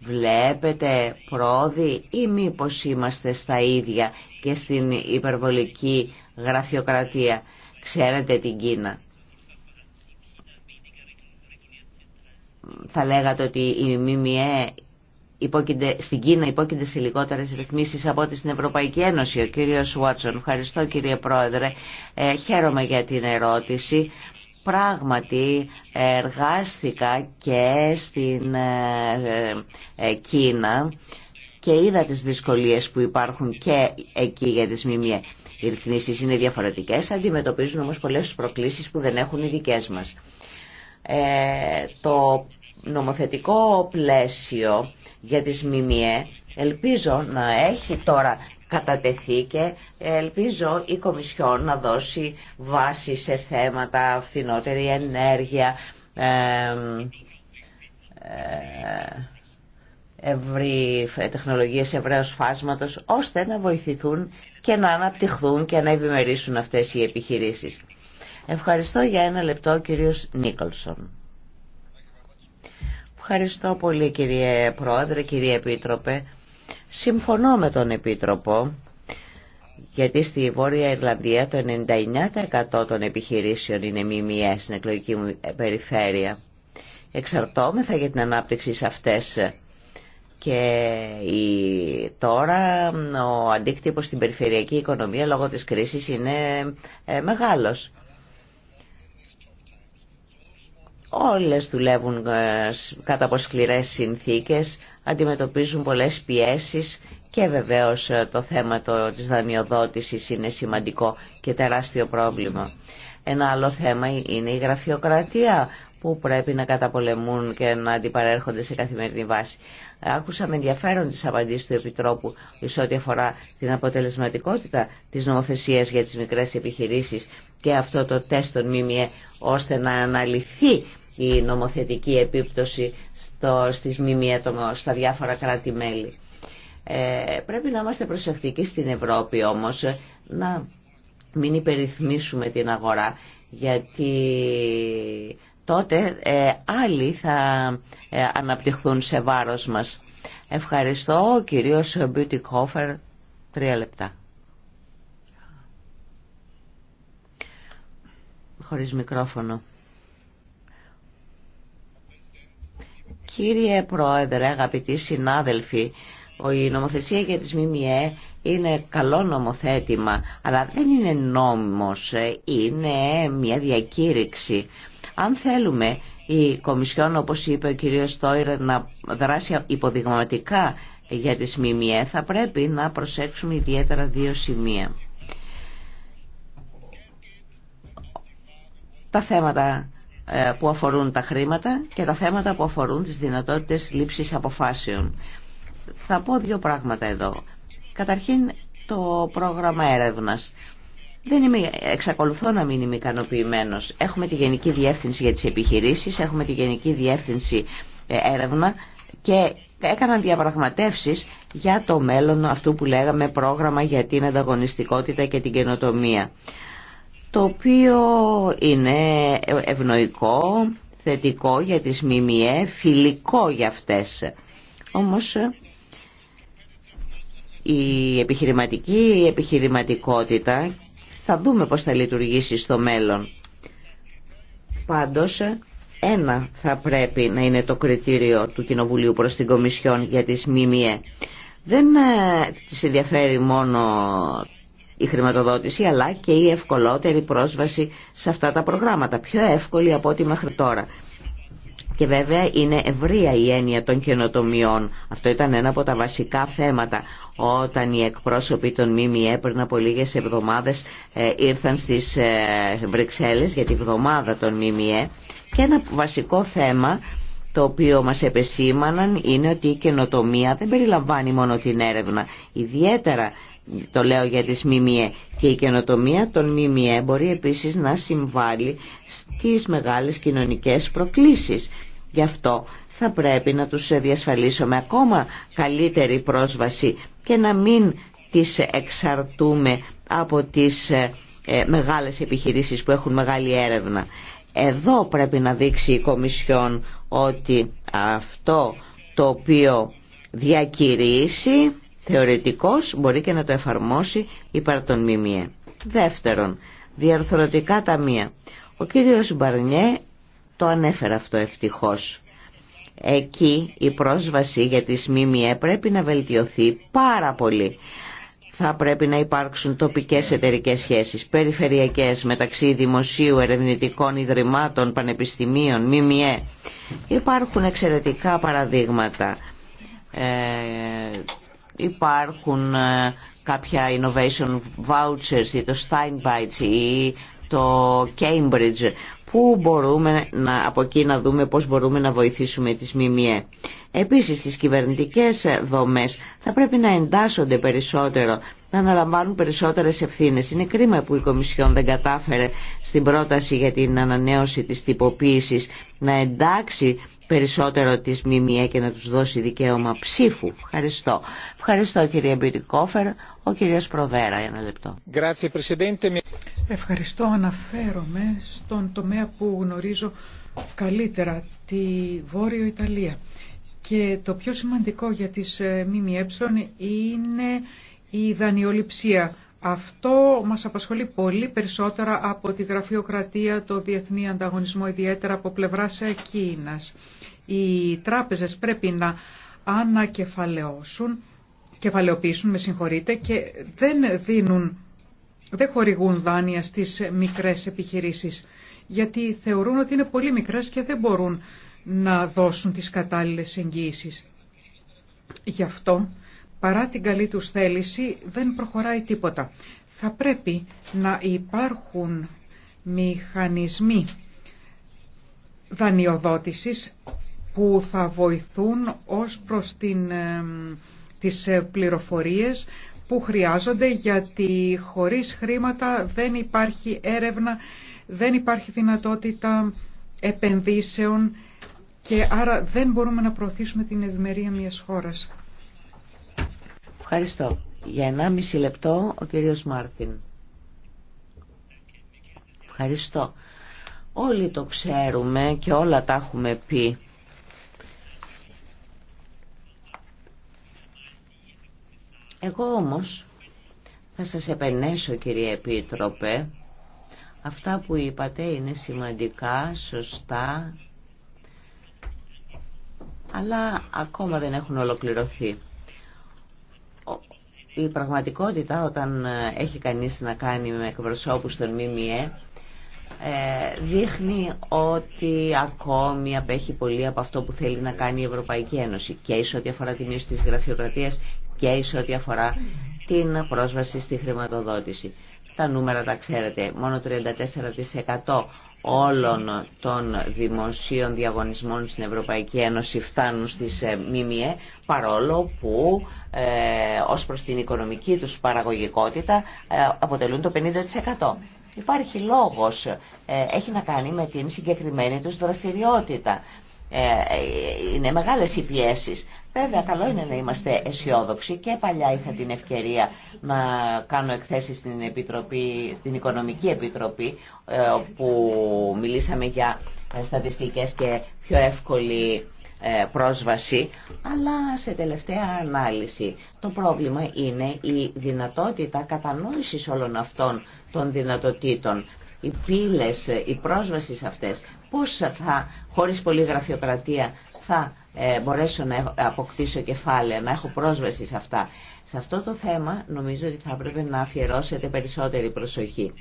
Βλέπετε πρόοδοι ή μήπω είμαστε στα ίδια και στην υπερβολική γραφειοκρατία. Ξέρετε την Κίνα. Θα λέγατε ότι η ΜΜΕ στην Κίνα υπόκεινται σε λιγότερες ρυθμίσεις από ό,τι στην Ευρωπαϊκή Ένωση. Ο κύριος Βάτσον, ευχαριστώ κύριε Πρόεδρε. Ε, χαίρομαι για την ερώτηση. Πράγματι εργάστηκα και στην ε, ε, Κίνα και είδα τις δυσκολίες που υπάρχουν και εκεί για τις ΜΜΕ. Οι ρυθμίσεις είναι διαφορετικές, αντιμετωπίζουν όμως πολλές προκλήσεις που δεν έχουν οι δικές μας. Ε, το νομοθετικό πλαίσιο για τις ΜΜΕ ελπίζω να έχει τώρα κατατεθεί και ελπίζω η Κομισιόν να δώσει βάση σε θέματα φθηνότερη ενέργεια, ε, ευρύ, τεχνολογίες ευρέως φάσματος, ώστε να βοηθηθούν και να αναπτυχθούν και να ευημερίσουν αυτές οι επιχειρήσεις. Ευχαριστώ για ένα λεπτό κύριος Νίκολσον. Ευχαριστώ πολύ κύριε Πρόεδρε, κύριε Επίτροπε. Συμφωνώ με τον Επίτροπο γιατί στη Βόρεια Ιρλανδία το 99% των επιχειρήσεων είναι ΜΜΕ στην εκλογική μου περιφέρεια. Εξαρτώμεθα για την ανάπτυξη σε αυτές και η, τώρα ο αντίκτυπος στην περιφερειακή οικονομία λόγω της κρίσης είναι ε, μεγάλος. Όλες δουλεύουν ε, κατά από σκληρές συνθήκες, αντιμετωπίζουν πολλές πιέσεις και βεβαίως ε, το θέμα το, της δανειοδότησης είναι σημαντικό και τεράστιο πρόβλημα. Ένα άλλο θέμα είναι η γραφειοκρατία που πρέπει να καταπολεμούν και να αντιπαρέρχονται σε καθημερινή βάση. Άκουσα με ενδιαφέρον τις απαντήσεις του Επιτρόπου σε ό,τι αφορά την αποτελεσματικότητα της νομοθεσίας για τις μικρές επιχειρήσεις και αυτό το τεστ των ΜΜΕ ώστε να αναλυθεί η νομοθετική επίπτωση στο, στις μημία στα διάφορα κράτη-μέλη. Ε, πρέπει να είμαστε προσεκτικοί στην Ευρώπη όμως να μην υπεριθμίσουμε την αγορά γιατί τότε ε, άλλοι θα ε, αναπτυχθούν σε βάρος μας. Ευχαριστώ ο κυρίος Beauty Coffer. Τρία λεπτά. Χωρίς μικρόφωνο. Κύριε Πρόεδρε, αγαπητοί συνάδελφοι, η νομοθεσία για τις ΜΜΕ είναι καλό νομοθέτημα, αλλά δεν είναι νόμος, ε, είναι μια διακήρυξη. Αν θέλουμε η Κομισιόν, όπως είπε ο κύριος Στόιρ, να δράσει υποδειγματικά για τις ΜΜΕ, θα πρέπει να προσέξουμε ιδιαίτερα δύο σημεία. Τα θέματα ε, που αφορούν τα χρήματα και τα θέματα που αφορούν τις δυνατότητες λήψης αποφάσεων. Θα πω δύο πράγματα εδώ. Καταρχήν το πρόγραμμα έρευνας. Δεν είμαι, εξακολουθώ να μην είμαι ικανοποιημένο. Έχουμε τη Γενική Διεύθυνση για τις επιχειρήσεις, έχουμε τη Γενική Διεύθυνση ε, έρευνα και έκαναν διαπραγματεύσεις για το μέλλον αυτού που λέγαμε πρόγραμμα για την ανταγωνιστικότητα και την καινοτομία το οποίο είναι ευνοϊκό, θετικό για τις ΜΜΕ, φιλικό για αυτές. Όμως η επιχειρηματική επιχειρηματικότητα θα δούμε πώς θα λειτουργήσει στο μέλλον. Πάντως ένα θα πρέπει να είναι το κριτήριο του Κοινοβουλίου προς την Κομισιόν για τις ΜΜΕ. Δεν ε, τις ενδιαφέρει μόνο η χρηματοδότηση αλλά και η ευκολότερη πρόσβαση σε αυτά τα προγράμματα, πιο εύκολη από ό,τι μέχρι τώρα. Και βέβαια είναι ευρεία η έννοια των καινοτομιών. Αυτό ήταν ένα από τα βασικά θέματα όταν οι εκπρόσωποι των ΜΜΕ πριν από λίγες εβδομάδες ε, ήρθαν στις ε, Βρυξέλλες για τη βδομάδα των ΜΜΕ και ένα βασικό θέμα το οποίο μας επεσήμαναν είναι ότι η καινοτομία δεν περιλαμβάνει μόνο την έρευνα. Ιδιαίτερα το λέω για τις ΜΜΕ και η καινοτομία των ΜΜΕ μπορεί επίσης να συμβάλλει στις μεγάλες κοινωνικές προκλήσεις. Γι' αυτό θα πρέπει να τους διασφαλίσουμε ακόμα καλύτερη πρόσβαση και να μην τις εξαρτούμε από τις ε, ε, μεγάλες επιχειρήσεις που έχουν μεγάλη έρευνα. Εδώ πρέπει να δείξει η Κομισιόν ότι αυτό το οποίο διακηρύσει Θεωρητικός μπορεί και να το εφαρμόσει υπέρ των ΜΜΕ. Δεύτερον, διαρθρωτικά ταμεία. Ο κύριος Μπαρνιέ το ανέφερε αυτό ευτυχώς. Εκεί η πρόσβαση για τις ΜΜΕ πρέπει να βελτιωθεί πάρα πολύ. Θα πρέπει να υπάρξουν τοπικές εταιρικές σχέσεις, περιφερειακές μεταξύ δημοσίου, ερευνητικών ιδρυμάτων, πανεπιστημίων, ΜΜΕ. Υπάρχουν εξαιρετικά παραδείγματα. Ε, υπάρχουν ε, κάποια innovation vouchers ή το Steinbytes ή το Cambridge που μπορούμε να, από εκεί να δούμε πώς μπορούμε να βοηθήσουμε τις ΜΜΕ. Επίσης, τις κυβερνητικές ε, δομές θα πρέπει να εντάσσονται περισσότερο, να αναλαμβάνουν περισσότερες ευθύνες. Είναι κρίμα που η Κομισιόν δεν κατάφερε στην πρόταση για την ανανέωση της τυποποίησης να εντάξει περισσότερο της ΜΜΕ και να τους δώσει δικαίωμα ψήφου. Ευχαριστώ. Ευχαριστώ κύριε Μπιτικόφερ. Ο κύριος Προβέρα, ένα λεπτό. Ευχαριστώ. Αναφέρομαι στον τομέα που γνωρίζω καλύτερα, τη Βόρειο Ιταλία. Και το πιο σημαντικό για τις ε, ΜΜΕ είναι η δανειοληψία. Αυτό μας απασχολεί πολύ περισσότερα από τη γραφειοκρατία, το διεθνή ανταγωνισμό, ιδιαίτερα από πλευράς ε, Κίνας οι τράπεζες πρέπει να ανακεφαλαιώσουν, κεφαλαιοποιήσουν με συγχωρείτε, και δεν δίνουν, δεν χορηγούν δάνεια στις μικρές επιχειρήσεις γιατί θεωρούν ότι είναι πολύ μικρές και δεν μπορούν να δώσουν τις κατάλληλες εγγύησεις. Γι' αυτό, παρά την καλή τους θέληση, δεν προχωράει τίποτα. Θα πρέπει να υπάρχουν μηχανισμοί δανειοδότησης που θα βοηθούν ως προς την, τις ε, πληροφορίες που χρειάζονται γιατί χωρίς χρήματα δεν υπάρχει έρευνα, δεν υπάρχει δυνατότητα επενδύσεων και άρα δεν μπορούμε να προωθήσουμε την ευημερία μιας χώρας. Ευχαριστώ. Για 1,5 λεπτό ο κύριος Μάρτιν. Ευχαριστώ. Όλοι το ξέρουμε και όλα τα έχουμε πει Εγώ όμως θα σας επενέσω κύριε Επίτροπε. Αυτά που είπατε είναι σημαντικά, σωστά, αλλά ακόμα δεν έχουν ολοκληρωθεί. Η πραγματικότητα όταν ε, έχει κανείς να κάνει με εκπροσώπους των ΜΜΕ ε, δείχνει ότι ακόμη απέχει πολύ από αυτό που θέλει να κάνει η Ευρωπαϊκή Ένωση και ίσως ό,τι αφορά τη μείωση της γραφειοκρατίας και σε ό,τι αφορά την πρόσβαση στη χρηματοδότηση. Τα νούμερα τα ξέρετε, μόνο 34% όλων των δημοσίων διαγωνισμών στην Ευρωπαϊκή Ένωση φτάνουν στις ε, ΜΜΕ παρόλο που ε, ως προς την οικονομική τους παραγωγικότητα ε, αποτελούν το 50%. Υπάρχει λόγος, ε, έχει να κάνει με την συγκεκριμένη τους δραστηριότητα. Ε, είναι μεγάλες οι πιέσεις. Βέβαια, καλό είναι να είμαστε αισιόδοξοι και παλιά είχα την ευκαιρία να κάνω εκθέσεις στην, Επιτροπή, στην Οικονομική Επιτροπή ε, όπου μιλήσαμε για ε, στατιστικές και πιο εύκολη πρόσβαση, αλλά σε τελευταία ανάλυση το πρόβλημα είναι η δυνατότητα κατανόησης όλων αυτών των δυνατοτήτων οι πύλες, ε, η πρόσβαση σε αυτές, πώς θα, χωρίς πολλή γραφειοκρατία, θα ε, μπορέσω να αποκτήσω κεφάλαια, να έχω πρόσβαση σε αυτά. Σε αυτό το θέμα νομίζω ότι θα έπρεπε να αφιερώσετε περισσότερη προσοχή.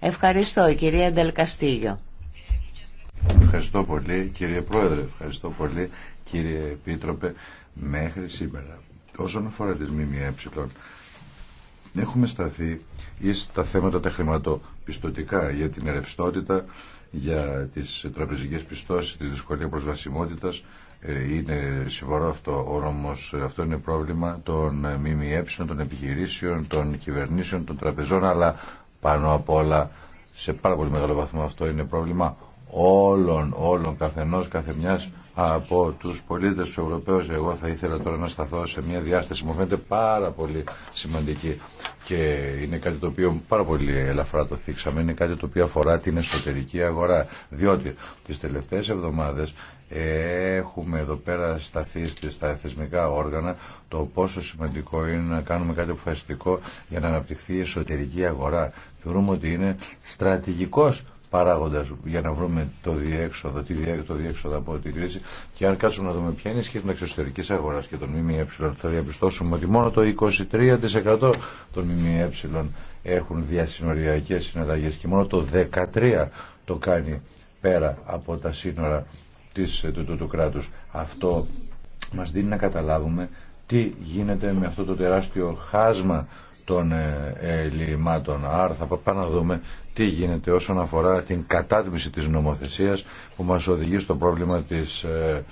Ευχαριστώ, κυρία Ντελκαστίγιο. Ευχαριστώ πολύ, κύριε Πρόεδρε, ευχαριστώ πολύ, κύριε Επίτροπε, μέχρι σήμερα. Όσον αφορά τις ΜΜΕ, Έχουμε σταθεί ή τα θέματα τα χρηματοπιστωτικά για την ρευστότητα, για τις τραπεζικές πιστώσεις, τη δυσκολία προσβασιμότητας. Ε, είναι συμβαρό αυτό όρομος, αυτό είναι πρόβλημα των ΜΜΕ, των επιχειρήσεων, των κυβερνήσεων, των τραπεζών, αλλά πάνω απ' όλα σε πάρα πολύ μεγάλο βαθμό αυτό είναι πρόβλημα όλων, όλων, καθενός, καθεμιάς από τους πολίτες του Ευρωπαίου, Εγώ θα ήθελα τώρα να σταθώ σε μια διάσταση που φαίνεται πάρα πολύ σημαντική και είναι κάτι το οποίο πάρα πολύ ελαφρά το θίξαμε. Είναι κάτι το οποίο αφορά την εσωτερική αγορά. Διότι τις τελευταίες εβδομάδες έχουμε εδώ πέρα σταθεί στα θεσμικά όργανα το πόσο σημαντικό είναι να κάνουμε κάτι αποφασιστικό για να αναπτυχθεί η εσωτερική αγορά. Θεωρούμε ότι είναι στρατηγικός παράγοντα για να βρούμε το διέξοδο, τι το διέξοδο από την κρίση. Και αν κάτσουμε να δούμε ποια είναι η σχέση με εξωτερική αγορά και τον ΜΜΕ, θα διαπιστώσουμε ότι μόνο το 23% των ΜΜΕ έχουν διασυνοριακέ συναλλαγέ και μόνο το 13% το κάνει πέρα από τα σύνορα της, του, του, του κράτους. Αυτό μας δίνει να καταλάβουμε τι γίνεται με αυτό το τεράστιο χάσμα των ε, ελλημάτων. Άρα θα πάμε να δούμε τι γίνεται όσον αφορά την κατάτμιση της νομοθεσίας που μας οδηγεί στο πρόβλημα της ε,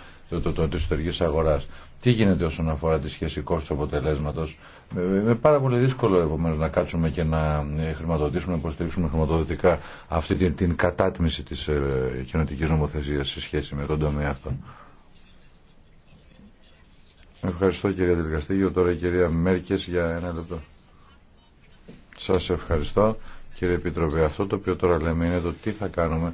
εσωτερικής αγοράς. Τι γίνεται όσον αφορά τη σχέση κόστος αποτελέσματος. Ε, είναι πάρα πολύ δύσκολο επομένως να κάτσουμε και να χρηματοδοτήσουμε, να υποστηρίξουμε χρηματοδοτικά αυτή την, την κατάτμιση της κοινωτικής νομοθεσίας σε σχέση με τον τομέα αυτό. Ευχαριστώ κυρία Τελικαστήγιο. Τώρα η κυρία Μέρκες για ένα λεπτό. Σας ευχαριστώ κύριε Επιτροπέ. Αυτό το οποίο τώρα λέμε είναι το τι θα κάνουμε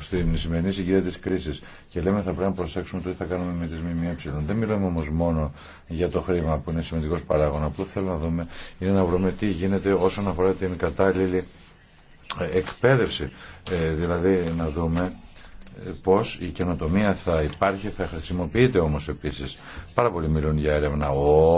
στην σημερινή συγκυρία της κρίσης και λέμε θα πρέπει να προσέξουμε το τι θα κάνουμε με τις ΜΜΕ. Δεν μιλάμε όμως μόνο για το χρήμα που είναι σημαντικός παράγων. Που θέλω να δούμε είναι να βρούμε τι γίνεται όσον αφορά την κατάλληλη ε, εκπαίδευση. Ε, δηλαδή να δούμε πώς η καινοτομία θα υπάρχει, θα χρησιμοποιείται όμως επίσης. Πάρα πολλοί μιλούν για έρευνα,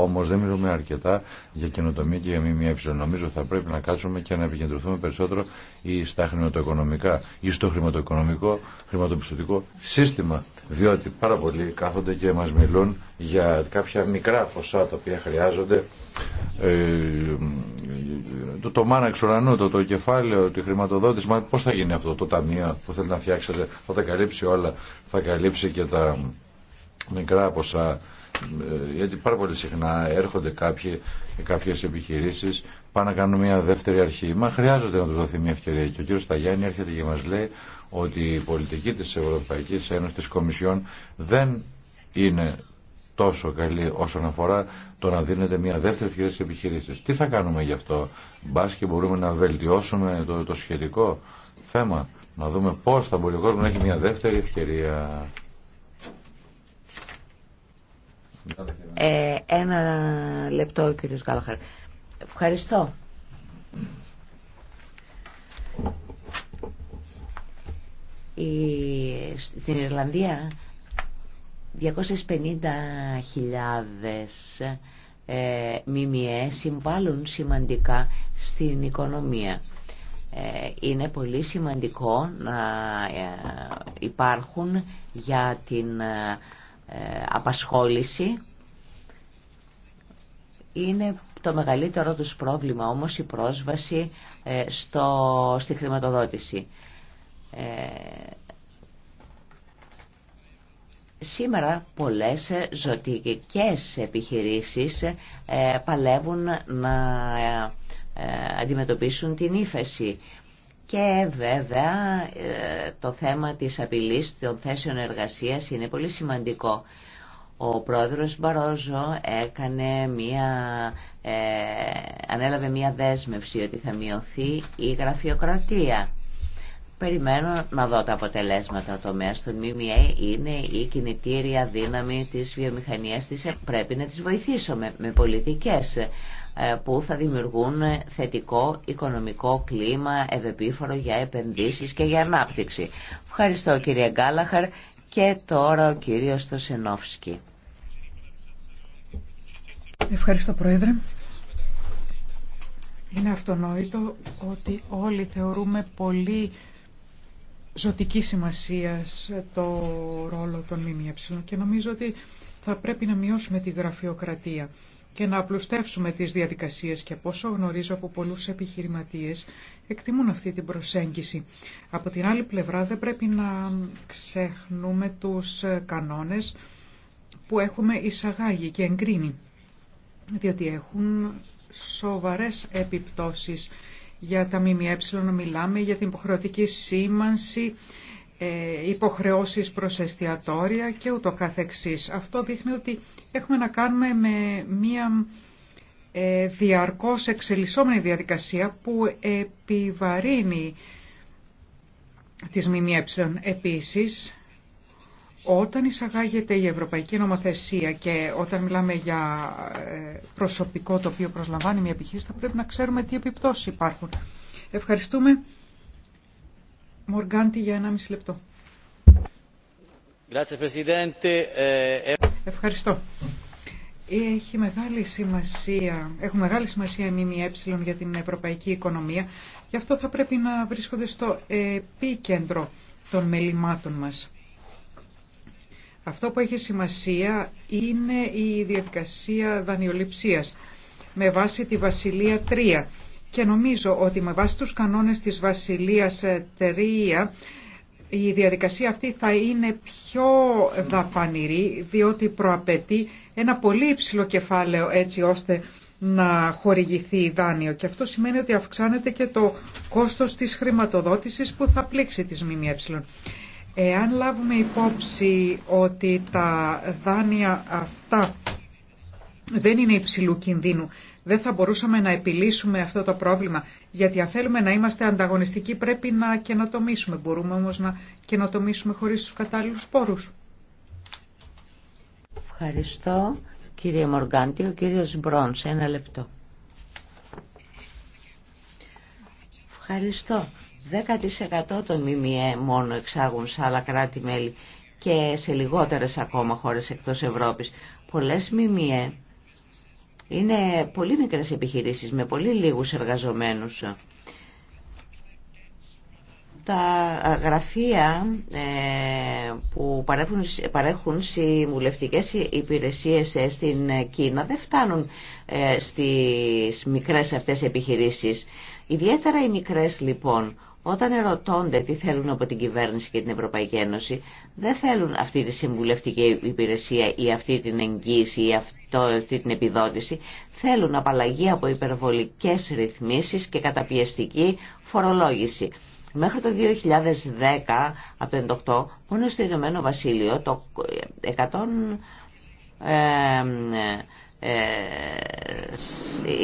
όμως δεν μιλούμε αρκετά για καινοτομία και για μία Νομίζω θα πρέπει να κάτσουμε και να επικεντρωθούμε περισσότερο ή στα χρηματοοικονομικά ή στο χρηματοοικονομικό, χρηματοπιστωτικό σύστημα διότι πάρα πολλοί κάθονται και μας μιλούν για κάποια μικρά ποσά τα οποία χρειάζονται ε, το, το μάνα εξ ουρανού, το, το κεφάλαιο, τη χρηματοδότηση, μα πώς θα γίνει αυτό το ταμείο που θέλει να φτιάξετε, θα τα καλύψει όλα, θα καλύψει και τα μικρά ποσά ε, γιατί πάρα πολύ συχνά έρχονται κάποιοι, κάποιες επιχειρήσεις πάνε να κάνουν μια δεύτερη αρχή. Μα χρειάζεται να του δοθεί μια ευκαιρία. Και ο κύριο Σταγιάννη έρχεται και μα λέει ότι η πολιτική τη Ευρωπαϊκή Ένωση, τη Κομισιόν, δεν είναι τόσο καλή όσον αφορά το να δίνεται μια δεύτερη ευκαιρία στι επιχειρήσει. Τι θα κάνουμε γι' αυτό, μπα και μπορούμε να βελτιώσουμε το, το σχετικό θέμα, να δούμε πώ θα μπορεί ο κόσμο να έχει μια δεύτερη ευκαιρία. Ε, ένα λεπτό, κύριος Γκάλαχαρ. Ευχαριστώ. Η, στην Ιρλανδία 250.000 ε, συμβάλλουν σημαντικά στην οικονομία. Ε, είναι πολύ σημαντικό να ε, υπάρχουν για την ε, απασχόληση. Είναι το μεγαλύτερο τους πρόβλημα όμως η πρόσβαση ε, στο, στη χρηματοδότηση. Ε, σήμερα πολλές ζωτικές επιχειρήσεις ε, παλεύουν να αντιμετωπίσουν την ύφεση. Και βέβαια το θέμα της απειλής των θέσεων εργασίας είναι πολύ σημαντικό. Ο πρόεδρος Μπαρόζο έκανε μία, ε, ανέλαβε μία δέσμευση ότι θα μειωθεί η γραφειοκρατία. Περιμένω να δω τα αποτελέσματα. Το μέσο του ΜΜΕ είναι η κινητήρια δύναμη της βιομηχανίας της. Πρέπει να τις βοηθήσουμε με πολιτικές ε, που θα δημιουργούν θετικό οικονομικό κλίμα ευεπίφορο για επενδύσεις και για ανάπτυξη. Ευχαριστώ κύριε Γκάλαχαρ. Και τώρα ο κύριος Στοσενόφσκι. Ευχαριστώ Πρόεδρε. Είναι αυτονόητο ότι όλοι θεωρούμε πολύ ζωτική σημασία το ρόλο των ΜΜΕ και νομίζω ότι θα πρέπει να μειώσουμε τη γραφειοκρατία και να απλουστεύσουμε τις διαδικασίες και πόσο γνωρίζω από πολλούς επιχειρηματίες εκτιμούν αυτή την προσέγγιση. Από την άλλη πλευρά δεν πρέπει να ξεχνούμε τους ε, κανόνες που έχουμε εισαγάγει και εγκρίνει, διότι έχουν σοβαρές επιπτώσεις για τα ΜΜΕ, μιλάμε για την υποχρεωτική σήμανση, ε, υποχρεώσεις προς εστιατόρια και ούτω καθεξής. Αυτό δείχνει ότι έχουμε να κάνουμε με μία ε, διαρκώς εξελισσόμενη διαδικασία που επιβαρύνει τις ΜΜΕ. Επίσης, όταν εισαγάγεται η Ευρωπαϊκή Νομοθεσία και όταν μιλάμε για ε, προσωπικό το οποίο προσλαμβάνει μια επιχείρηση, θα πρέπει να ξέρουμε τι επιπτώσεις υπάρχουν. Ευχαριστούμε. Μοργάντη για μισή λεπτό. Ε, Ευχαριστώ. Έχει μεγάλη σημασία, έχουν μεγάλη σημασία οι ΜΜΕ για την ευρωπαϊκή οικονομία. Γι' αυτό θα πρέπει να βρίσκονται στο επίκεντρο των μελημάτων μας. Αυτό που έχει σημασία είναι η διαδικασία δανειοληψίας με βάση τη Βασιλεία 3. Και νομίζω ότι με βάση τους κανόνες της Βασιλείας 3 η διαδικασία αυτή θα είναι πιο δαπανηρή διότι προαπαιτεί ένα πολύ υψηλό κεφάλαιο έτσι ώστε να χορηγηθεί δάνειο και αυτό σημαίνει ότι αυξάνεται και το κόστος της χρηματοδότησης που θα πλήξει τις ΜΜΕ. Εάν λάβουμε υπόψη ότι τα δάνεια αυτά δεν είναι υψηλού κινδύνου δεν θα μπορούσαμε να επιλύσουμε αυτό το πρόβλημα. Γιατί αν θέλουμε να είμαστε ανταγωνιστικοί πρέπει να καινοτομήσουμε. Μπορούμε όμως να καινοτομήσουμε χωρίς τους κατάλληλους πόρους. Ευχαριστώ κύριε Μοργάντη. Ο κύριος Μπρόνς, ένα λεπτό. Ευχαριστώ. 10% των ΜΜΕ μόνο εξάγουν σε άλλα κράτη-μέλη και σε λιγότερες ακόμα χώρες εκτός Ευρώπης. Πολλές ΜΜΕ είναι πολύ μικρές επιχειρήσεις με πολύ λίγους εργαζομένους. Τα γραφεία ε, που παρέχουν, παρέχουν συμβουλευτικές υπηρεσίες ε, στην Κίνα δεν φτάνουν ε, στις μικρές αυτές επιχειρήσεις. Ιδιαίτερα οι μικρές λοιπόν, όταν ερωτώνται τι θέλουν από την κυβέρνηση και την Ευρωπαϊκή Ένωση, δεν θέλουν αυτή τη συμβουλευτική υπηρεσία ή αυτή την εγγύηση ή αυτή την επιδότηση θέλουν απαλλαγή από υπερβολικές ρυθμίσεις και καταπιεστική φορολόγηση. Μέχρι το 2010, από το 2008 μόνο στο Ηνωμένο Βασίλειο το 100, ε,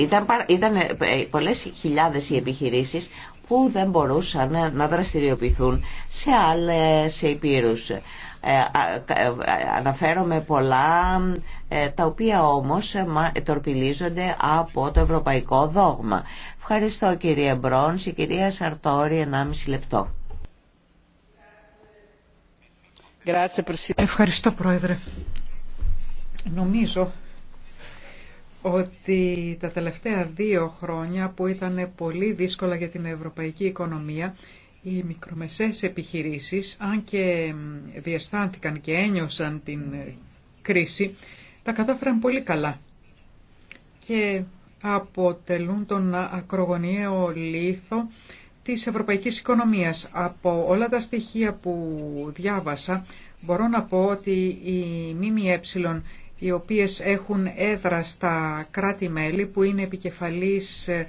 ήταν, ήταν ε, πολλές χιλιάδες οι επιχειρήσεις που δεν μπορούσαν να δραστηριοποιηθούν σε άλλες υπήρους. Ε, ε, αναφέρομαι πολλά ε, τα οποία όμως τορπιλίζονται από το ευρωπαϊκό δόγμα. Ευχαριστώ κυρία Μπρόνς, η κυρία Σαρτόρη 1,5 λεπτό. Ευχαριστώ Πρόεδρε. Νομίζω ότι τα τελευταία δύο χρόνια που ήταν πολύ δύσκολα για την ευρωπαϊκή οικονομία οι μικρομεσαίες επιχειρήσεις, αν και διαστάθηκαν και ένιωσαν την ε, κρίση, τα κατάφεραν πολύ καλά και αποτελούν τον ακρογωνιαίο λίθο της ευρωπαϊκής οικονομίας. Από όλα τα στοιχεία που διάβασα, μπορώ να πω ότι οι ΜΜΕ, οι οποίες έχουν έδρα στα κράτη-μέλη που είναι επικεφαλής ε,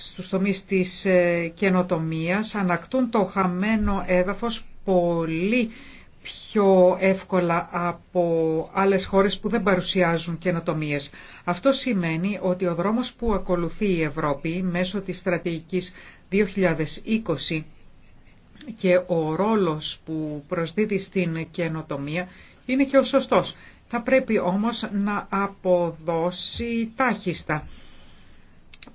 στους τομείς της ε, καινοτομίας ανακτούν το χαμένο έδαφος πολύ πιο εύκολα από άλλες χώρες που δεν παρουσιάζουν καινοτομίες. Αυτό σημαίνει ότι ο δρόμος που ακολουθεί η Ευρώπη μέσω της στρατηγικής 2020 και ο ρόλος που προσδίδει στην καινοτομία είναι και ο σωστός. Θα πρέπει όμως να αποδώσει τάχιστα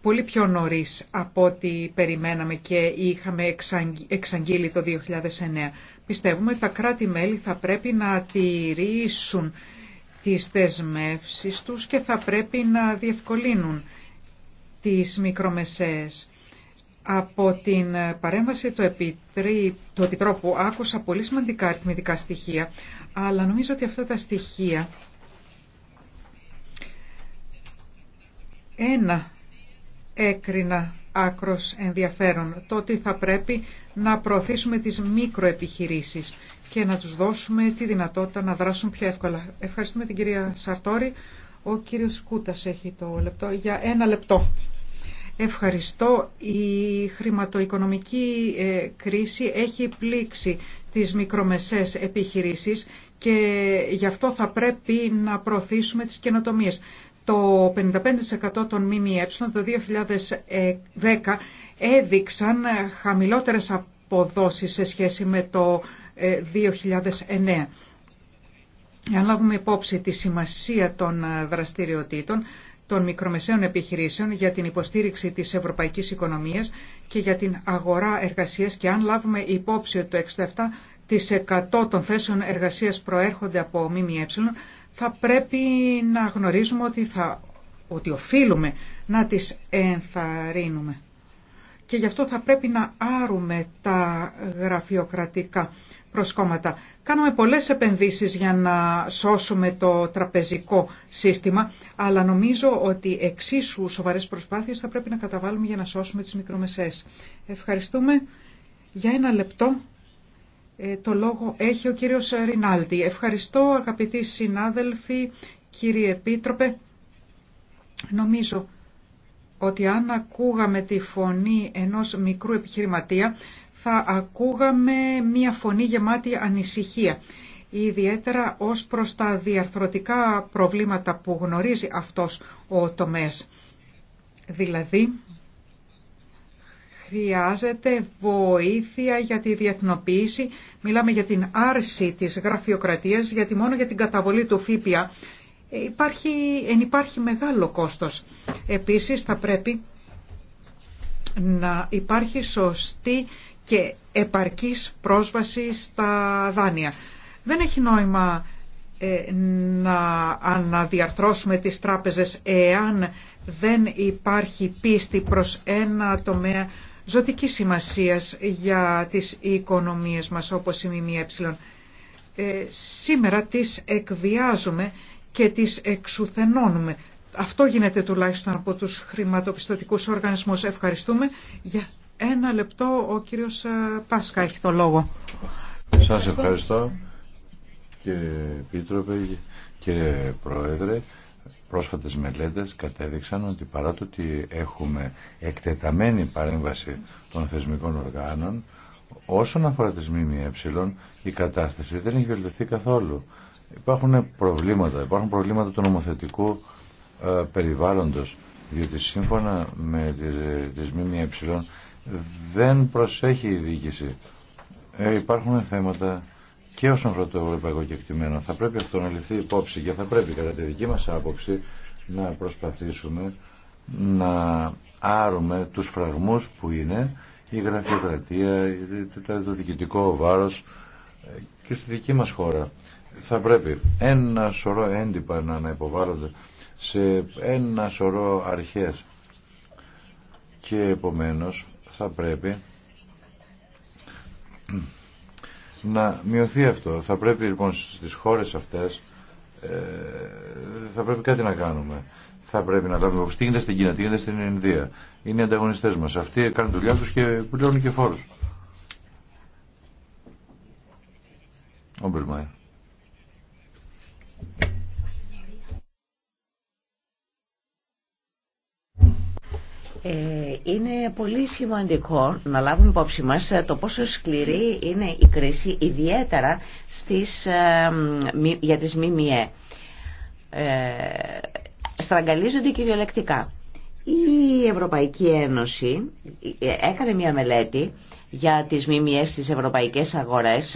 πολύ πιο νωρίς από ό,τι περιμέναμε και είχαμε εξαγγείλει το 2009. Πιστεύουμε ότι τα κράτη-μέλη θα πρέπει να τηρήσουν τις δεσμεύσεις τους και θα πρέπει να διευκολύνουν τις μικρομεσαίες. Από την παρέμβαση του, Επιτρή, του Επιτρόπου άκουσα πολύ σημαντικά αριθμητικά στοιχεία, αλλά νομίζω ότι αυτά τα στοιχεία ένα έκρινα άκρος ενδιαφέρον το ότι θα πρέπει να προωθήσουμε τις μικροεπιχειρήσεις και να τους δώσουμε τη δυνατότητα να δράσουν πιο εύκολα. Ευχαριστούμε την κυρία Σαρτόρη. Ο κύριος Κούτας έχει το λεπτό για ένα λεπτό. Ευχαριστώ. Η χρηματοοικονομική ε, κρίση έχει πλήξει τις μικρομεσές επιχειρήσεις και γι' αυτό θα πρέπει να προωθήσουμε τις καινοτομίες. Το 55% των ΜΜΕ το 2010 έδειξαν χαμηλότερες αποδόσεις σε σχέση με το 2009. Ε, αν λάβουμε υπόψη τη σημασία των ε, δραστηριοτήτων, των μικρομεσαίων επιχειρήσεων για την υποστήριξη της ευρωπαϊκής οικονομίας και για την αγορά εργασίας και αν λάβουμε υπόψη ότι το 67% των θέσεων εργασίας προέρχονται από ΜΜΕ, θα πρέπει να γνωρίζουμε ότι, θα, ότι οφείλουμε να τις ενθαρρύνουμε. Και γι' αυτό θα πρέπει να άρουμε τα γραφειοκρατικά προσκόμματα. Κάνουμε πολλές επενδύσεις για να σώσουμε το τραπεζικό σύστημα, αλλά νομίζω ότι εξίσου σοβαρές προσπάθειες θα πρέπει να καταβάλουμε για να σώσουμε τις μικρομεσαίες. Ευχαριστούμε για ένα λεπτό ε, το λόγο έχει ο κύριος Ρινάλτη. Ευχαριστώ αγαπητοί συνάδελφοι, κύριε Επίτροπε. Νομίζω ότι αν ακούγαμε τη φωνή ενός μικρού επιχειρηματία θα ακούγαμε μια φωνή γεμάτη ανησυχία. Ιδιαίτερα ως προς τα διαρθρωτικά προβλήματα που γνωρίζει αυτός ο τομέας. Δηλαδή, χρειάζεται βοήθεια για τη διεθνοποίηση. Μιλάμε για την άρση της γραφειοκρατίας, γιατί μόνο για την καταβολή του ΦΥΠΙΑ υπάρχει, εν υπάρχει μεγάλο κόστος. Επίσης θα πρέπει να υπάρχει σωστή και επαρκής πρόσβαση στα δάνεια. Δεν έχει νόημα ε, να αναδιαρθρώσουμε τις τράπεζες εάν δεν υπάρχει πίστη προς ένα τομέα ζωτικής σημασίας για τις οικονομίες μας όπως η ΜΜΕ. Ε, σήμερα τις εκβιάζουμε και τις εξουθενώνουμε. Αυτό γίνεται τουλάχιστον από τους χρηματοπιστωτικούς οργανισμούς. Ευχαριστούμε. Για ένα λεπτό ο κύριος ε, Πάσκα έχει το λόγο. Σας ευχαριστώ κύριε Πίτροπε, κύριε Πρόεδρε. Πρόσφατες μελέτες κατέδειξαν ότι παρά το ότι έχουμε εκτεταμένη παρέμβαση των θεσμικών οργάνων, όσον αφορά τις ΜΜΕ, η κατάσταση δεν έχει βελτιωθεί καθόλου. Υπάρχουν προβλήματα, υπάρχουν προβλήματα του νομοθετικού ε, περιβάλλοντος, διότι σύμφωνα με τις, ΜΜΕ δεν προσέχει η διοίκηση. Ε, υπάρχουν θέματα και όσον αφορά το ευρωπαϊκό κεκτημένο. Θα πρέπει αυτό να ληφθεί υπόψη και θα πρέπει κατά τη δική μας άποψη να προσπαθήσουμε να άρουμε τους φραγμούς που είναι η γραφειοκρατία, το διοικητικό βάρος και στη δική μας χώρα. Θα πρέπει ένα σωρό έντυπα να υποβάλλονται σε ένα σωρό αρχές και επομένως θα πρέπει να μειωθεί αυτό. Θα πρέπει λοιπόν στις χώρες αυτές ε, θα πρέπει κάτι να κάνουμε. Θα πρέπει να λάβουμε υπόψη τι γίνεται στην Κίνα, τι γίνεται στην Ινδία. Είναι οι ανταγωνιστές μας. Αυτοί κάνουν δουλειά τους και πληρώνουν και φόρους. Ε, είναι πολύ σημαντικό να λάβουμε υπόψη μας ε, το πόσο σκληρή είναι η κρίση ιδιαίτερα στις, ε, για τις ΜΜΕ. Ε, στραγγαλίζονται κυριολεκτικά. Η Ευρωπαϊκή Ένωση έκανε μια μελέτη για τις ΜΜΕ στις ευρωπαϊκές αγορές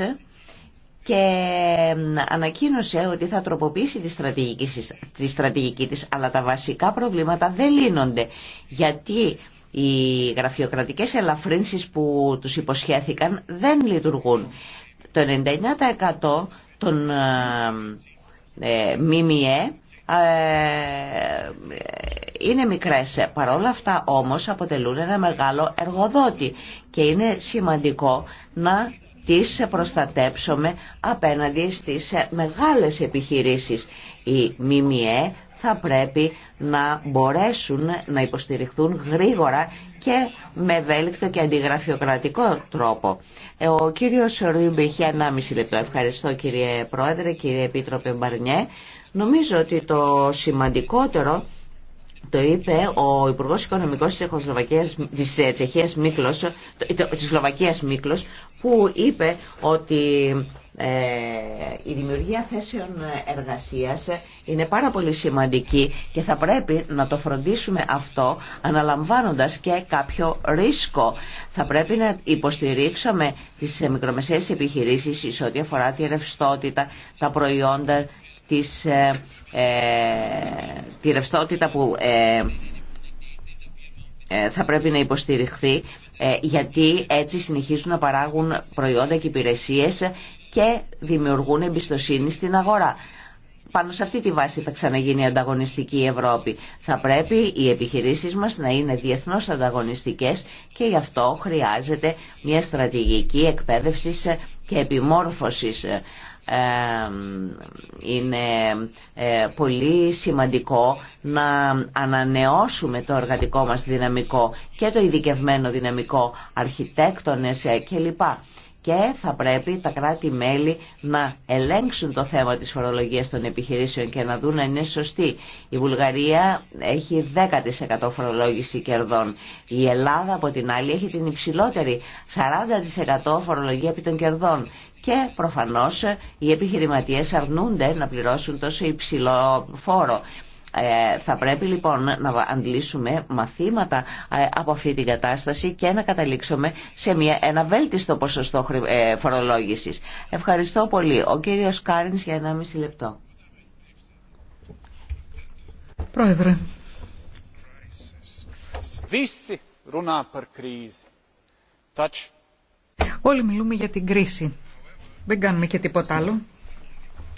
και ανακοίνωσε ότι θα τροποποιήσει τη στρατηγική, τη της, αλλά τα βασικά προβλήματα δεν λύνονται. Γιατί οι γραφειοκρατικές ελαφρύνσεις που τους υποσχέθηκαν δεν λειτουργούν. Το 99% των ε, ε ΜΜΕ ε, είναι μικρές. Παρόλα αυτά όμως αποτελούν ένα μεγάλο εργοδότη και είναι σημαντικό να τις προστατέψουμε απέναντι στις μεγάλες επιχειρήσεις. Οι ΜΜΕ θα πρέπει να μπορέσουν να υποστηριχθούν γρήγορα και με ευέλικτο και αντιγραφειοκρατικό τρόπο. Ε, ο κύριος Ρούμπι είχε 1,5 λεπτό. Ευχαριστώ κύριε Πρόεδρε, κύριε Επίτροπε Μπαρνιέ. Νομίζω ότι το σημαντικότερο το είπε ο Υπουργό Οικονομικό της Τσεχίας Μίκλος τη Σλοβακία Μίκλος, που είπε ότι ε, η δημιουργία θέσεων εργασίας είναι πάρα πολύ σημαντική και θα πρέπει να το φροντίσουμε αυτό αναλαμβάνοντας και κάποιο ρίσκο. Θα πρέπει να υποστηρίξουμε τις μικρομεσαίες επιχειρήσεις σε ό,τι αφορά τη ρευστότητα, τα προϊόντα, της, ε, ε, τη ρευστότητα που θα πρέπει να υποστηριχθεί ε, γιατί έτσι συνεχίζουν να παράγουν προϊόντα και υπηρεσίες και δημιουργούν εμπιστοσύνη στην αγορά. Πάνω σε αυτή τη βάση θα ξαναγίνει η ανταγωνιστική Ευρώπη. Θα πρέπει οι επιχειρήσεις μας να είναι διεθνώς ανταγωνιστικές και γι' αυτό χρειάζεται μια στρατηγική εκπαίδευση και επιμόρφωσης είναι ε, πολύ σημαντικό να ανανεώσουμε το εργατικό μας δυναμικό και το ειδικευμένο δυναμικό αρχιτέκτονες ε, κλπ. Και θα πρέπει τα κράτη-μέλη να ελέγξουν το θέμα της φορολογίας των επιχειρήσεων και να δουν αν είναι σωστή. Η Βουλγαρία έχει 10% φορολόγηση κερδών. Η Ελλάδα από την άλλη έχει την υψηλότερη 40% φορολογία επί των κερδών και προφανώς οι επιχειρηματίες αρνούνται να πληρώσουν τόσο υψηλό φόρο. Ε, θα πρέπει λοιπόν να αντλήσουμε μαθήματα ε, από αυτή την κατάσταση και να καταλήξουμε σε μια, ένα βέλτιστο ποσοστό ε, φορολόγησης. Ευχαριστώ πολύ. Ο κύριος Κάρινς για μισή λεπτό. Πρόεδρε. Όλοι μιλούμε για την κρίση. Δεν κάνουμε και τίποτα άλλο.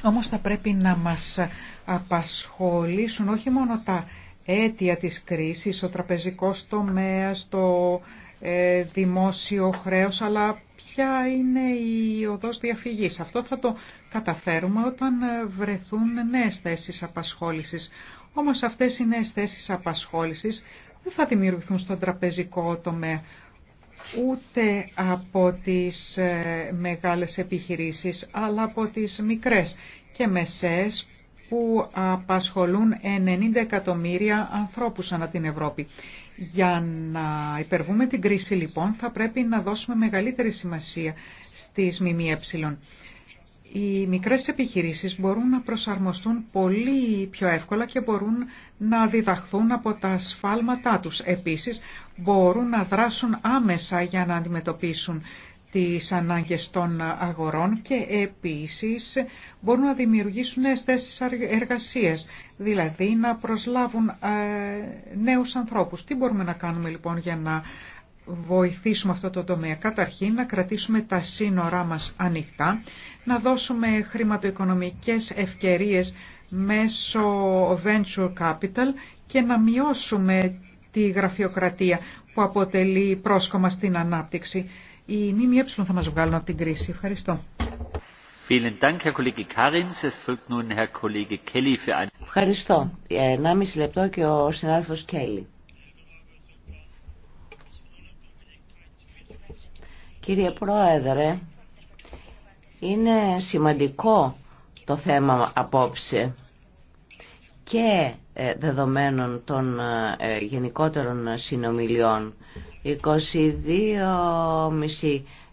Όμως θα πρέπει να μας απασχολήσουν όχι μόνο τα αίτια της κρίσης, ο τραπεζικός τομέας, το ε, δημόσιο χρέος, αλλά ποια είναι η οδός διαφυγής. Αυτό θα το καταφέρουμε όταν ε, βρεθούν νέες θέσεις απασχόλησης. Όμως αυτές οι νέες θέσεις απασχόλησης δεν θα δημιουργηθούν στον τραπεζικό τομέα ούτε από τις ε, μεγάλες επιχειρήσεις, αλλά από τις μικρές και μεσές που απασχολούν 90 εκατομμύρια ανθρώπους ανά την Ευρώπη. Για να υπερβούμε την κρίση λοιπόν θα πρέπει να δώσουμε μεγαλύτερη σημασία στις ΜΜΕ οι μικρές επιχειρήσεις μπορούν να προσαρμοστούν πολύ πιο εύκολα και μπορούν να διδαχθούν από τα σφάλματά τους. Επίσης, μπορούν να δράσουν άμεσα για να αντιμετωπίσουν τις ανάγκες των αγορών και επίσης μπορούν να δημιουργήσουν νέες θέσεις εργασίας, δηλαδή να προσλάβουν ε, νέους ανθρώπους. Τι μπορούμε να κάνουμε λοιπόν για να βοηθήσουμε αυτό το τομέα. Καταρχήν να κρατήσουμε τα σύνορά μας ανοιχτά να δώσουμε χρηματοοικονομικές ευκαιρίες μέσω venture capital και να μειώσουμε τη γραφειοκρατία που αποτελεί πρόσκομα στην ανάπτυξη. Η ΜΜΕ θα μας βγάλουν από την κρίση. Ευχαριστώ. Ευχαριστώ. Ένα μισή λεπτό και ο συνάδελφος Κέλλη. Κύριε Πρόεδρε, είναι σημαντικό το θέμα απόψε και ε, δεδομένων των ε, γενικότερων συνομιλιών. 22,5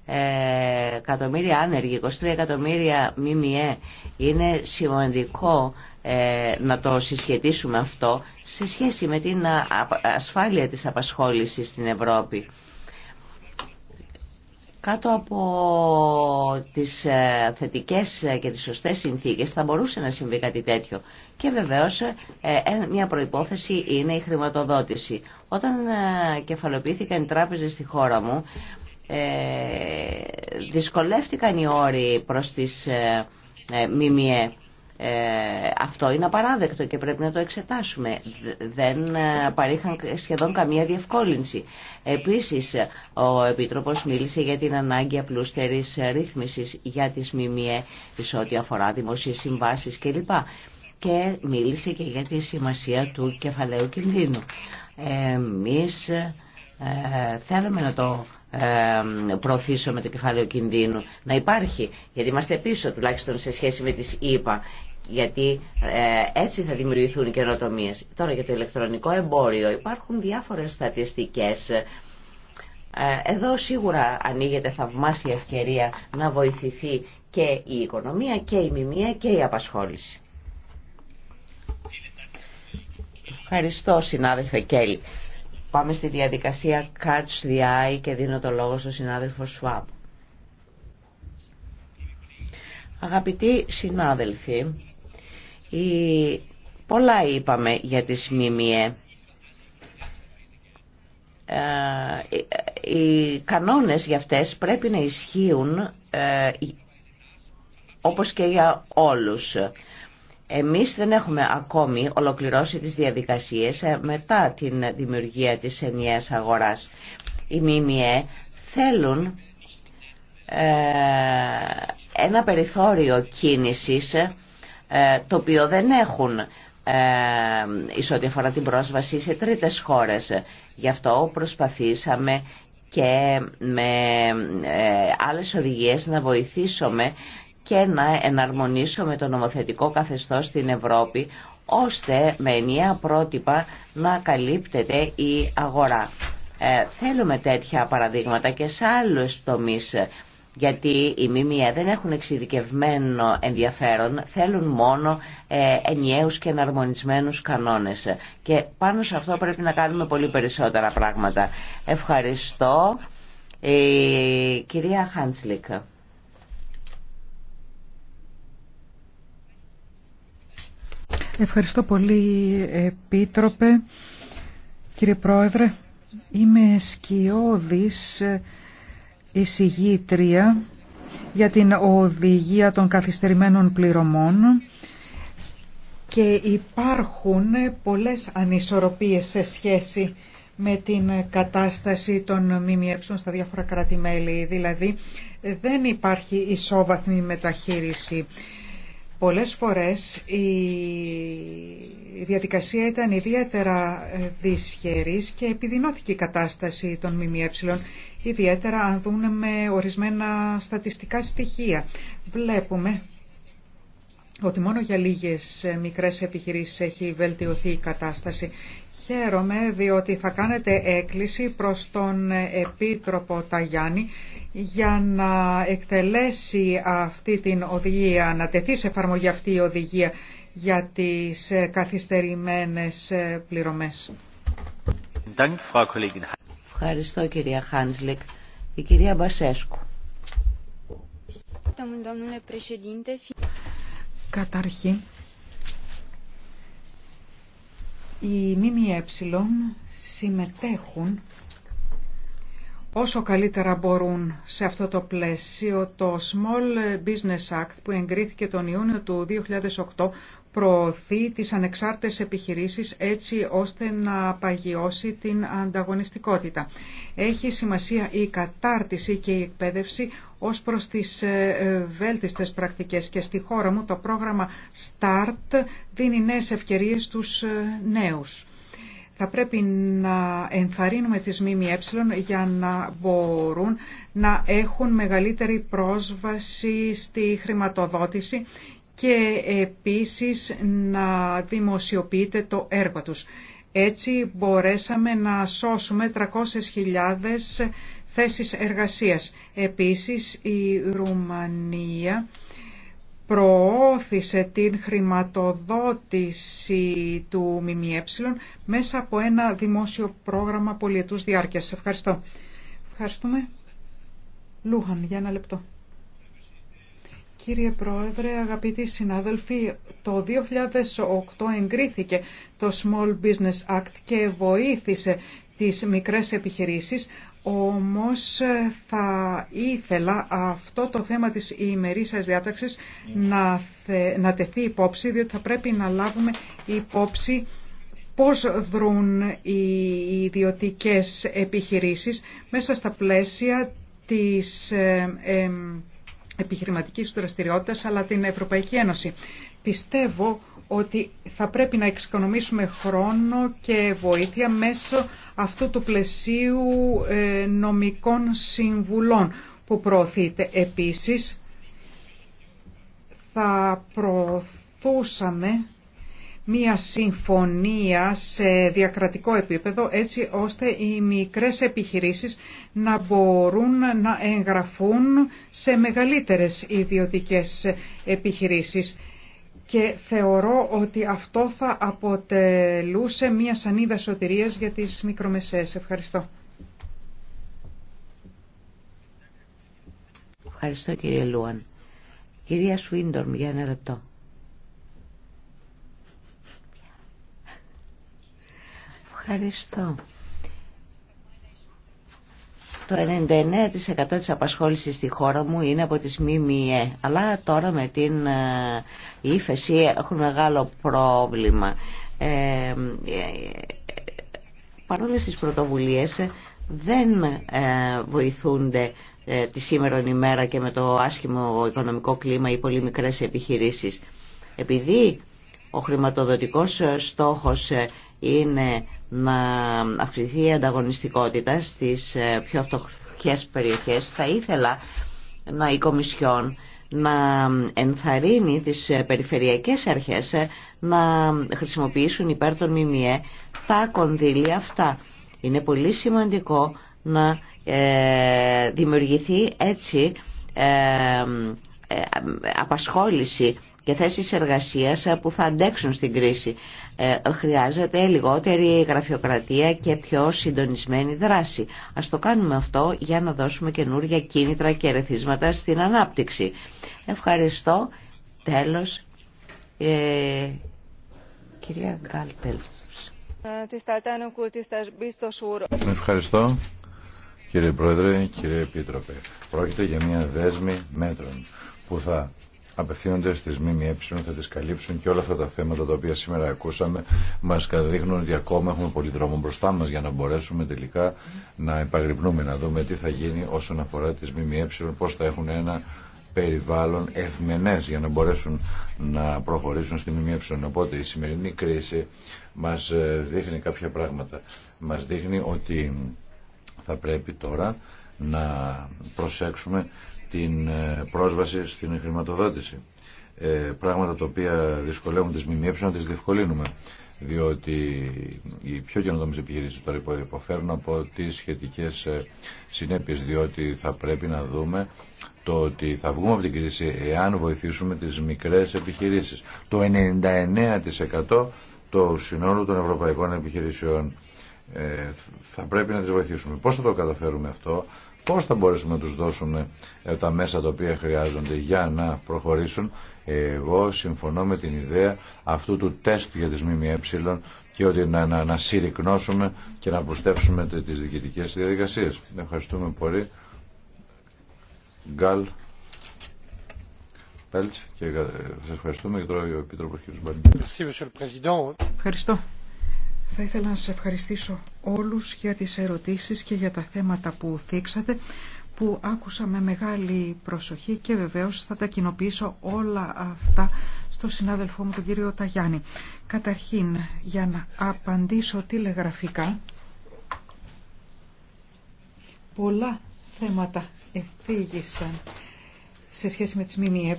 ε, εκατομμύρια άνεργοι, 23 εκατομμύρια ΜΜΕ. Είναι σημαντικό να το συσχετίσουμε αυτό σε σχέση με την ασφάλεια της απασχόλησης στην Ευρώπη κάτω από τις ε, θετικές ε, και τις σωστές συνθήκες θα μπορούσε να συμβεί κάτι τέτοιο. Και βεβαίως ε, μια προϋπόθεση είναι η χρηματοδότηση. Όταν κεφαλοποιήθηκαν οι τράπεζες στη χώρα μου, δυσκολεύτηκαν οι όροι προς τις ΜΜΕ ε, αυτό είναι απαράδεκτο και πρέπει να το εξετάσουμε. Δεν ε, παρήχαν σχεδόν καμία διευκόλυνση. Επίσης, ο Επίτροπος μίλησε για την ανάγκη απλούστερης ρύθμισης για τις ΜΜΕ σε ό,τι αφορά δημοσίες συμβάσεις κλπ. Και μίλησε και για τη σημασία του κεφαλαίου κινδύνου. Εμείς ε, θέλουμε να το με το κεφάλαιο κινδύνου να υπάρχει, γιατί είμαστε πίσω τουλάχιστον σε σχέση με τις ΗΠΑ γιατί ε, έτσι θα δημιουργηθούν καινοτομίε. Τώρα για το ηλεκτρονικό εμπόριο υπάρχουν διάφορες στατιστικές. Ε, εδώ σίγουρα ανοίγεται θαυμάσια ευκαιρία να βοηθηθεί και η οικονομία και η μημία και η απασχόληση. Ευχαριστώ συνάδελφε Κέλλη. Πάμε στη διαδικασία Catch the Eye και δίνω το λόγο στον συνάδελφο Σουάμπ. Αγαπητοί συνάδελφοι, Πολλά είπαμε για τις ΜΜΕ. Ε, οι κανόνες για αυτές πρέπει να ισχύουν ε, όπως και για όλους. Εμείς δεν έχουμε ακόμη ολοκληρώσει τις διαδικασίες ε, μετά την δημιουργία της ενιαίας αγοράς. Οι ΜΜΕ θέλουν ένα περιθώριο κίνησης ε, το οποίο δεν έχουν ε, την πρόσβαση σε τρίτες χώρες. Γι' αυτό προσπαθήσαμε και με ε, άλλες οδηγίες να βοηθήσουμε και να εναρμονίσουμε το νομοθετικό καθεστώς στην Ευρώπη ώστε με ενιαία πρότυπα να καλύπτεται η αγορά. Ε, θέλουμε τέτοια παραδείγματα και σε άλλους τομείς γιατί οι ΜΜΕ δεν έχουν εξειδικευμένο ενδιαφέρον, θέλουν μόνο ε, ενιαίους και εναρμονισμένους κανόνες. Και πάνω σε αυτό πρέπει να κάνουμε πολύ περισσότερα πράγματα. Ευχαριστώ. Ε, κυρία Χάντσλικ. Ευχαριστώ πολύ, Επίτροπε. Κύριε Πρόεδρε, είμαι σκιώδης ε, εισηγήτρια για την οδηγία των καθυστερημένων πληρωμών και υπάρχουν πολλές ανισορροπίες σε σχέση με την κατάσταση των ΜΜΕ στα διάφορα Δηλαδή δεν υπάρχει ισόβαθμη μεταχείριση. Πολλές φορές η διαδικασία ήταν ιδιαίτερα ε, δυσχερής και επιδεινώθηκε η κατάσταση των ΜΜΕ, ιδιαίτερα αν δούμε με ορισμένα στατιστικά στοιχεία. Βλέπουμε ότι μόνο για λίγες ε, μικρές επιχειρήσεις έχει βελτιωθεί η κατάσταση. Χαίρομαι διότι θα κάνετε έκκληση προς τον ε, Επίτροπο Ταγιάννη για να εκτελέσει αυτή την οδηγία, να τεθεί σε εφαρμογή αυτή η οδηγία για τις ε, καθυστερημένες ε, πληρωμές. Ευχαριστώ κυρία Χάνσλικ. Η κυρία Μπασέσκου. Καταρχήν, οι ΜΜΕ συμμετέχουν όσο καλύτερα μπορούν σε αυτό το πλαίσιο. Το Small Business Act που εγκρίθηκε τον Ιούνιο του 2008 προωθεί τις ανεξάρτητες επιχειρήσεις έτσι ώστε να παγιώσει την ανταγωνιστικότητα. Έχει σημασία η κατάρτιση και η εκπαίδευση ως προς τις ε, βέλτιστες πρακτικές και στη χώρα μου το πρόγραμμα START δίνει νέες ευκαιρίες στους ε, νέους. Θα πρέπει να ενθαρρύνουμε τις ΜΜΕ για να μπορούν να έχουν μεγαλύτερη πρόσβαση στη χρηματοδότηση και επίσης να δημοσιοποιείται το έργο τους. Έτσι μπορέσαμε να σώσουμε 300.000 θέσεις εργασίας. Επίσης η Ρουμανία προώθησε την χρηματοδότηση του ΜΜΕ μέσα από ένα δημόσιο πρόγραμμα πολιετούς διάρκειας. Ευχαριστώ. Ευχαριστούμε. Λούχαν, για ένα λεπτό. Κύριε Πρόεδρε, αγαπητοί συνάδελφοι, το 2008 εγκρίθηκε το Small Business Act και βοήθησε τις μικρές επιχειρήσεις, όμως ε, θα ήθελα αυτό το θέμα της ημερήσιας διάταξης να, να τεθεί υπόψη, διότι θα πρέπει να λάβουμε υπόψη πώς δρούν οι ιδιωτικές επιχειρήσεις μέσα στα πλαίσια της ε, ε, του δραστηριότητα, αλλά την Ευρωπαϊκή Ένωση. Πιστεύω ότι θα πρέπει να εξοικονομήσουμε χρόνο και βοήθεια μέσω αυτού του πλαισίου ε, νομικών συμβουλών που προωθείται. Επίσης, θα προωθούσαμε μία συμφωνία σε διακρατικό επίπεδο έτσι ώστε οι μικρές επιχειρήσεις να μπορούν να εγγραφούν σε μεγαλύτερες ιδιωτικές επιχειρήσεις. Και θεωρώ ότι αυτό θα αποτελούσε μία σανίδα σωτηρίας για τις μικρομεσαίες. Ευχαριστώ. Ευχαριστώ κύριε Λούαν. Κυρία Σουίντορμ για ένα λεπτό. Ευχαριστώ. Το 99% της απασχόλησης στη χώρα μου είναι από τις ΜΜΕ, αλλά τώρα με την ε, ύφεση έχουν μεγάλο πρόβλημα. Ε, ε παρόλες τις πρωτοβουλίες δεν ε, βοηθούνται τη σήμερον ημέρα και με το άσχημο οικονομικό κλίμα οι πολύ μικρές επιχειρήσεις. Επειδή ο χρηματοδοτικός στόχος είναι να αυξηθεί η ανταγωνιστικότητα στις ε, πιο αυτοχές περιοχές θα ήθελα να η Κομισιόν να ενθαρρύνει τις ε, περιφερειακές αρχές ε, να χρησιμοποιήσουν υπέρ των ΜΜΕ τα κονδύλια αυτά. Είναι πολύ σημαντικό να δημιουργηθεί έτσι απασχόληση και θέσεις εργασίας που θα αντέξουν στην κρίση. Ε, χρειάζεται λιγότερη γραφειοκρατία και πιο συντονισμένη δράση. Ας το κάνουμε αυτό για να δώσουμε καινούργια κίνητρα και ερεθίσματα στην ανάπτυξη. Ευχαριστώ. Τέλος. Ε, κυρία Γκάλ, Ευχαριστώ. Κύριε Πρόεδρε, κύριε Επίτροπε, πρόκειται για μια δέσμη μέτρων που θα απευθύνονται στι ΜΜΕ, θα τις καλύψουν και όλα αυτά τα θέματα τα οποία σήμερα ακούσαμε μα καταδείχνουν ότι ακόμα έχουμε πολύ δρόμο μπροστά μα για να μπορέσουμε τελικά να επαγρυπνούμε, να δούμε τι θα γίνει όσον αφορά τι ΜΜΕ, πώ θα έχουν ένα περιβάλλον ευμενέ για να μπορέσουν να προχωρήσουν στη ΜΜΕ. Οπότε η σημερινή κρίση μα ε, δείχνει κάποια πράγματα. Μα δείχνει ότι θα πρέπει τώρα να προσέξουμε την ε, πρόσβαση στην χρηματοδότηση. Ε, πράγματα τα οποία δυσκολεύουν τις ΜΜΕ να τις διευκολύνουμε διότι οι πιο καινοτόμε επιχειρήσει τώρα υποφέρουν από τι σχετικέ ε, συνέπειε, διότι θα πρέπει να δούμε το ότι θα βγούμε από την κρίση εάν βοηθήσουμε τι μικρέ επιχειρήσει. Το 99% του συνόλου των ευρωπαϊκών επιχειρήσεων θα πρέπει να τι βοηθήσουμε. Πώ θα το καταφέρουμε αυτό πώς θα μπορέσουμε να τους δώσουμε ε, τα μέσα τα οποία χρειάζονται για να προχωρήσουν. Εγώ συμφωνώ με την ιδέα αυτού του τεστ για τις ΜΜΕ και ότι να, να, να συρρυκνώσουμε και να προσθέσουμε τις διοικητικές διαδικασίες. Ευχαριστούμε πολύ. Γκάλ. και ε, ευχαριστούμε και τώρα θα ήθελα να σας ευχαριστήσω όλους για τις ερωτήσεις και για τα θέματα που θίξατε που άκουσα με μεγάλη προσοχή και βεβαίως θα τα κοινοποιήσω όλα αυτά στο συνάδελφό μου τον κύριο Ταγιάννη. Καταρχήν, για να απαντήσω τηλεγραφικά, πολλά θέματα εφήγησαν σε σχέση με τις ΜΜΕ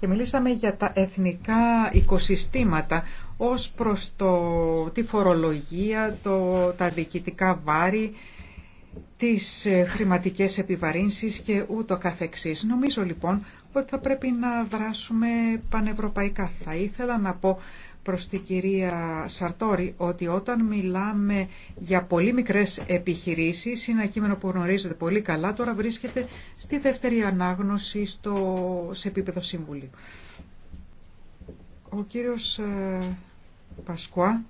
και μιλήσαμε για τα εθνικά οικοσυστήματα ως προς το, τη φορολογία, το, τα διοικητικά βάρη, τις ε, χρηματικές επιβαρύνσεις και ούτω καθεξής. Νομίζω λοιπόν ότι θα πρέπει να δράσουμε πανευρωπαϊκά. Θα ήθελα να πω προς την κυρία Σαρτόρη ότι όταν μιλάμε για πολύ μικρές επιχειρήσεις, είναι ένα κείμενο που γνωρίζετε πολύ καλά, τώρα βρίσκεται στη δεύτερη ανάγνωση στο, σε επίπεδο Συμβουλίου. Ο κύριος ε, Πασκουά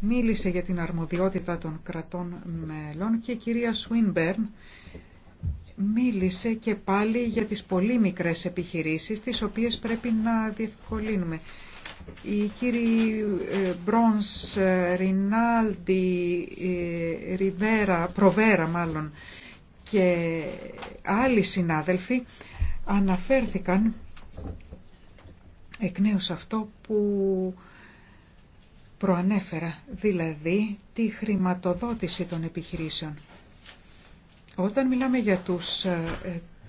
μίλησε για την αρμοδιότητα των κρατών μέλων και η κυρία Σουίνμπερν μίλησε και πάλι για τις πολύ μικρές επιχειρήσεις τις οποίες πρέπει να διευκολύνουμε. Οι κύριοι ε, Μπρόνς, ε, Ρινάλντι, ε, Ριβέρα, Προβέρα μάλλον και άλλοι συνάδελφοι αναφέρθηκαν εκ νέου σε αυτό που προανέφερα, δηλαδή τη χρηματοδότηση των επιχειρήσεων. Όταν μιλάμε για τους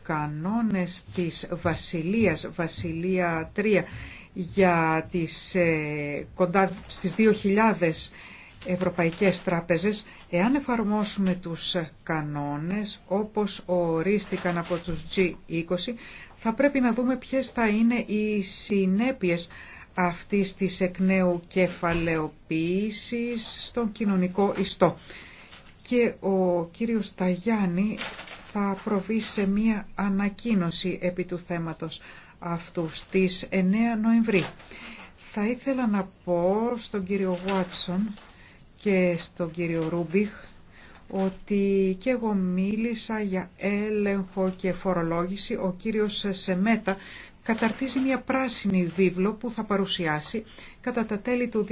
κανόνες της Βασιλείας, Βασιλεία 3 για τις ε, κοντά στις 2.000 ευρωπαϊκές τράπεζες, εάν εφαρμόσουμε τους κανόνες όπως ορίστηκαν από τους G20, θα πρέπει να δούμε ποιες θα είναι οι συνέπειες αυτής της εκ νέου κεφαλαιοποίησης στον κοινωνικό ιστό. Και ο κύριος Ταγιάννη θα προβεί σε μία ανακοίνωση επί του θέματος αυτού στις 9 Νοεμβρίου. Θα ήθελα να πω στον κύριο Βάτσον και στον κύριο Ρούμπιχ ότι και εγώ μίλησα για έλεγχο και φορολόγηση. Ο κύριος Σεμέτα καταρτίζει μια πράσινη βίβλο που θα παρουσιάσει κατά τα τέλη του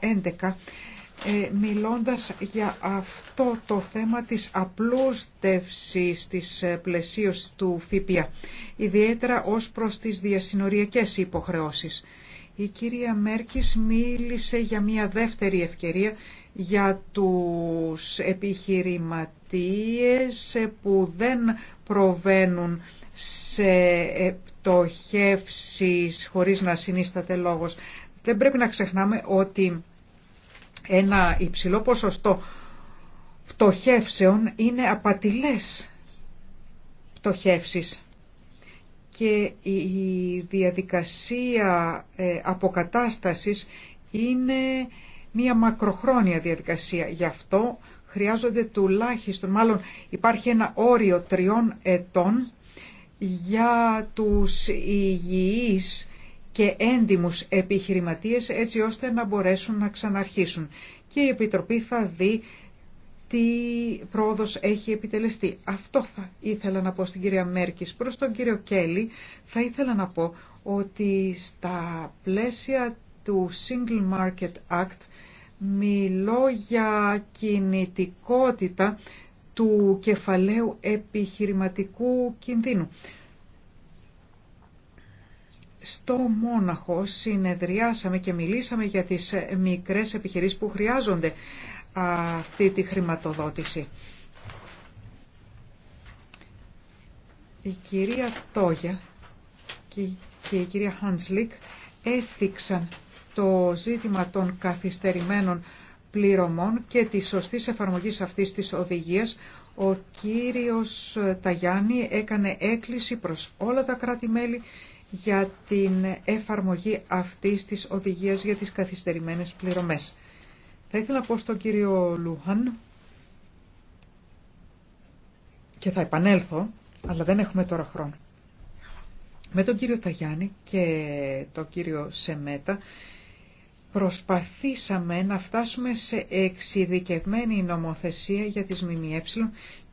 2011 ε, μιλώντας για αυτό το θέμα της απλούστευσης της ε, πλαισίως του ΦΠΑ, ιδιαίτερα ως προς τις διασυνοριακές υποχρεώσεις. Η κυρία Μέρκης μίλησε για μια δεύτερη ευκαιρία για τους επιχειρηματίες ε, που δεν προβαίνουν σε πτωχεύσεις χωρίς να συνίσταται λόγος. Δεν πρέπει να ξεχνάμε ότι ένα υψηλό ποσοστό πτωχεύσεων είναι απατηλές πτωχεύσεις και η διαδικασία ε, αποκατάστασης είναι μία μακροχρόνια διαδικασία. Γι' αυτό χρειάζονται τουλάχιστον, μάλλον υπάρχει ένα όριο τριών ετών για τους υγιείς και έντιμους επιχειρηματίες έτσι ώστε να μπορέσουν να ξαναρχίσουν. Και η Επιτροπή θα δει τι πρόοδος έχει επιτελεστεί. Αυτό θα ήθελα να πω στην κυρία Μέρκης. Προς τον κύριο Κέλλη θα ήθελα να πω ότι στα πλαίσια του Single Market Act μιλώ για κινητικότητα του κεφαλαίου επιχειρηματικού κινδύνου στο Μόναχο συνεδριάσαμε και μιλήσαμε για τις μικρές επιχειρήσεις που χρειάζονται αυτή τη χρηματοδότηση. Η κυρία Τόγια και η κυρία Χάνσλικ έθιξαν το ζήτημα των καθυστερημένων πληρωμών και της σωστής εφαρμογής αυτής της οδηγίας, ο κύριος Ταγιάννη έκανε έκκληση προς όλα τα κράτη-μέλη για την εφαρμογή αυτής της οδηγίας για τις καθυστερημένες πληρωμές. Θα ήθελα να πω στον κύριο Λούχαν και θα επανέλθω, αλλά δεν έχουμε τώρα χρόνο. Με τον κύριο Ταγιάννη και τον κύριο Σεμέτα προσπαθήσαμε να φτάσουμε σε εξειδικευμένη νομοθεσία για τις ΜΜΕ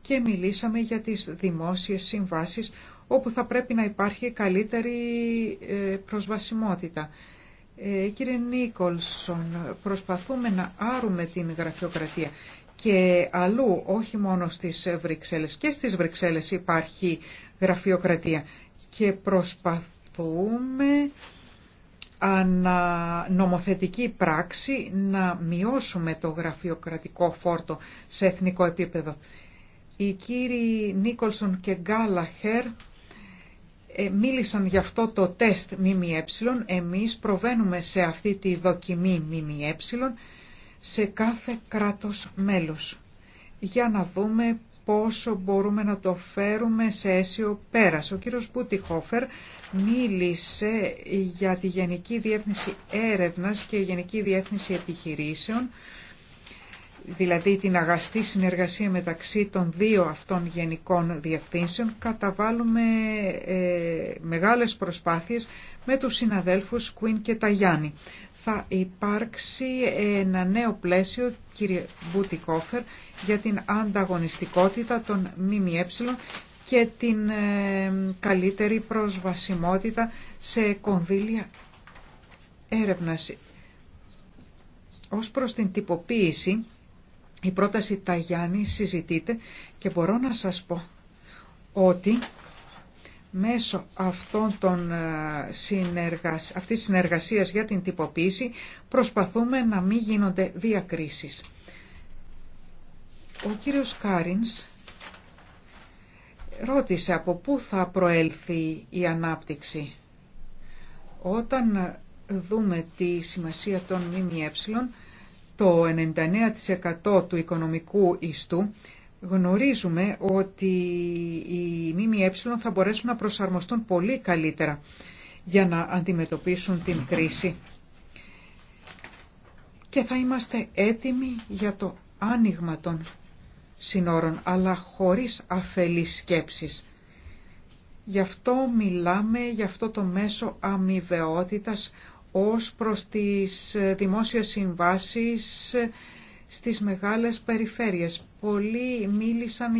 και μιλήσαμε για τις δημόσιες συμβάσεις όπου θα πρέπει να υπάρχει καλύτερη ε, προσβασιμότητα. Ε, κύριε Νίκολσον, προσπαθούμε να άρουμε την γραφειοκρατία και αλλού, όχι μόνο στις Βρυξέλλες, και στις Βρυξέλλες υπάρχει γραφειοκρατία και προσπαθούμε ανανομοθετική πράξη να μειώσουμε το γραφειοκρατικό φόρτο σε εθνικό επίπεδο. Οι κύριοι Νίκολσον και Γκάλαχερ ε, μίλησαν για αυτό το τεστ ΜΜΕ, εμείς προβαίνουμε σε αυτή τη δοκιμή ΜΜΕ σε κάθε κράτος μέλος για να δούμε πόσο μπορούμε να το φέρουμε σε αίσιο πέρας. Ο κύριος Μπουτιχόφερ μίλησε για τη Γενική Διεύθυνση Έρευνας και Γενική Διεύθυνση Επιχειρήσεων δηλαδή την αγαστή συνεργασία μεταξύ των δύο αυτών γενικών διευθύνσεων, καταβάλουμε ε, μεγάλες προσπάθειες με τους συναδέλφους Κουίν και Ταγιάννη. Θα υπάρξει ένα νέο πλαίσιο, κύριε Μπουτικόφερ, για την ανταγωνιστικότητα των ΜΜΕ και την ε, καλύτερη προσβασιμότητα σε κονδύλια έρευνας. Ως προς την τυποποίηση, η πρόταση Ταγιάννη συζητείται και μπορώ να σας πω ότι μέσω αυτών των ε, συνεργασ... αυτής της συνεργασίας για την τυποποίηση προσπαθούμε να μην γίνονται διακρίσεις. Ο κύριος Κάρινς ρώτησε από πού θα προέλθει η ανάπτυξη. Όταν δούμε τη σημασία των ΜΜΕ, το 99% του οικονομικού ιστού, γνωρίζουμε ότι οι ΜΜΕ θα μπορέσουν να προσαρμοστούν πολύ καλύτερα για να αντιμετωπίσουν την κρίση. Και θα είμαστε έτοιμοι για το άνοιγμα των συνόρων, αλλά χωρίς αφελείς σκέψεις. Γι' αυτό μιλάμε, γι' αυτό το μέσο αμοιβαιότητας ως προς τις δημόσιες συμβάσεις στις μεγάλες περιφέρειες. Πολλοί μίλησαν,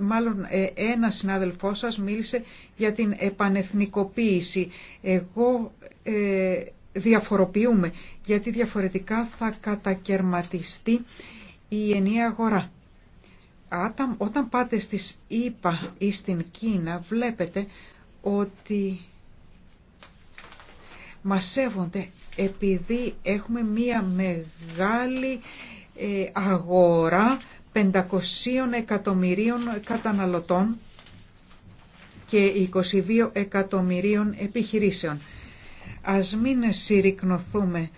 μάλλον ε, ένα συνάδελφό σας μίλησε για την επανεθνικοποίηση. Εγώ ε, διαφοροποιούμε, γιατί διαφορετικά θα κατακαιρματιστεί η ενιαία αγορά. όταν πάτε στις ΙΠΑ ή στην Κίνα βλέπετε ότι μας σέβονται επειδή έχουμε μία μεγάλη ε, αγορά 500 εκατομμυρίων καταναλωτών και 22 εκατομμυρίων επιχειρήσεων. Ας μην συρρυκνωθούμε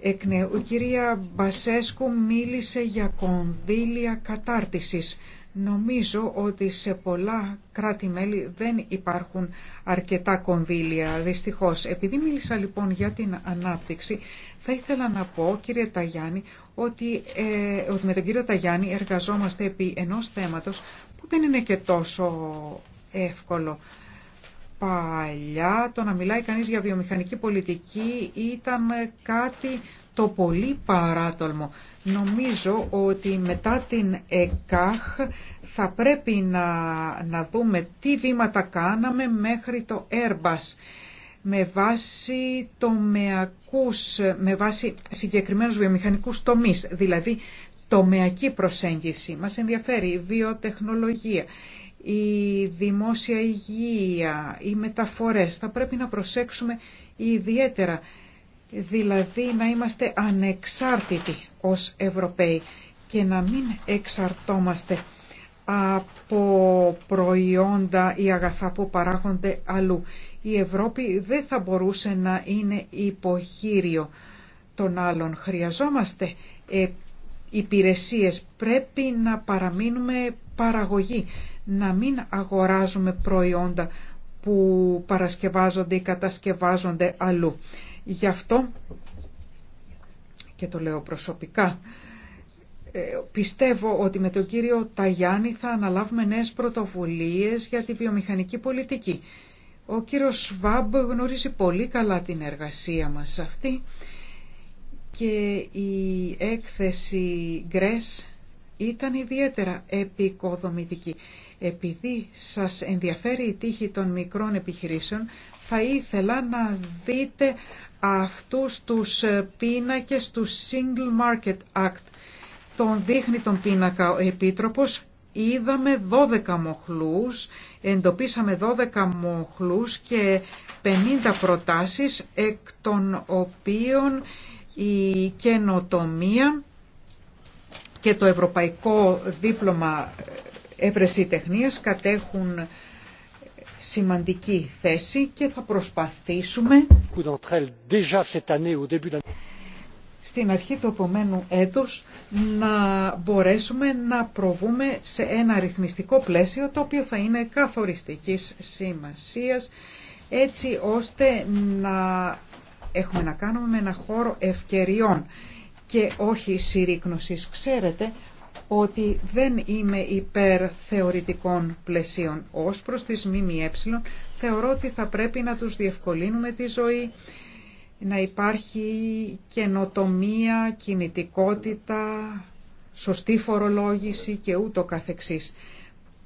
εκ νέου. Η κυρία Μπασέσκου μίλησε για κονδύλια κατάρτισης. Νομίζω ότι σε πολλά κράτη-μέλη δεν υπάρχουν αρκετά κονδύλια, δυστυχώς. Επειδή μίλησα λοιπόν για την ανάπτυξη, θα ήθελα να πω, κύριε Ταγιάννη, ότι, ε, ότι με τον κύριο Ταγιάννη εργαζόμαστε επί ενός θέματος που δεν είναι και τόσο εύκολο. Παλιά το να μιλάει κανείς για βιομηχανική πολιτική ήταν κάτι το πολύ παράτολμο. Νομίζω ότι μετά την ΕΚΑΧ θα πρέπει να, να δούμε τι βήματα κάναμε μέχρι το Airbus με βάση μεακούς με βάση συγκεκριμένους βιομηχανικούς τομείς, δηλαδή τομεακή προσέγγιση. Μας ενδιαφέρει η βιοτεχνολογία, η δημόσια υγεία, οι μεταφορές. Θα πρέπει να προσέξουμε ιδιαίτερα δηλαδή να είμαστε ανεξάρτητοι ως Ευρωπαίοι και να μην εξαρτώμαστε από προϊόντα ή αγαθά που παράγονται αλλού. Η Ευρώπη δεν θα μπορούσε να είναι υποχείριο των άλλων. Χρειαζόμαστε ε, υπηρεσίες. Πρέπει να παραμείνουμε παραγωγή, να μην αγοράζουμε προϊόντα που παρασκευάζονται ή κατασκευάζονται αλλού. Γι' αυτό, και το λέω προσωπικά, ε, πιστεύω ότι με τον κύριο Ταγιάννη θα αναλάβουμε νέες πρωτοβουλίες για τη βιομηχανική πολιτική. Ο κύριος Σβάμπ γνωρίζει πολύ καλά την εργασία μας αυτή και η έκθεση Γκρές ήταν ιδιαίτερα επικοδομητική. Επειδή σας ενδιαφέρει η τύχη των μικρών επιχειρήσεων, θα ήθελα να δείτε αυτούς τους ε, πίνακες του Single Market Act. Τον δείχνει τον πίνακα ο Επίτροπος. Είδαμε 12 μοχλούς, εντοπίσαμε 12 μοχλούς και 50 προτάσεις, εκ των οποίων η καινοτομία και το Ευρωπαϊκό Δίπλωμα ε, Τεχνίας κατέχουν σημαντική θέση και θα προσπαθήσουμε στην αρχή του επομένου έτους να μπορέσουμε να προβούμε σε ένα ρυθμιστικό πλαίσιο το οποίο θα είναι καθοριστικής σημασίας έτσι ώστε να έχουμε να κάνουμε με ένα χώρο ευκαιριών και όχι συρρήκνωσης. Ξέρετε ότι δεν είμαι υπέρ θεωρητικών πλαισίων. Ως προς τις ΜΜΕ θεωρώ ότι θα πρέπει να τους διευκολύνουμε τη ζωή, να υπάρχει καινοτομία, κινητικότητα, σωστή φορολόγηση και ούτω καθεξής.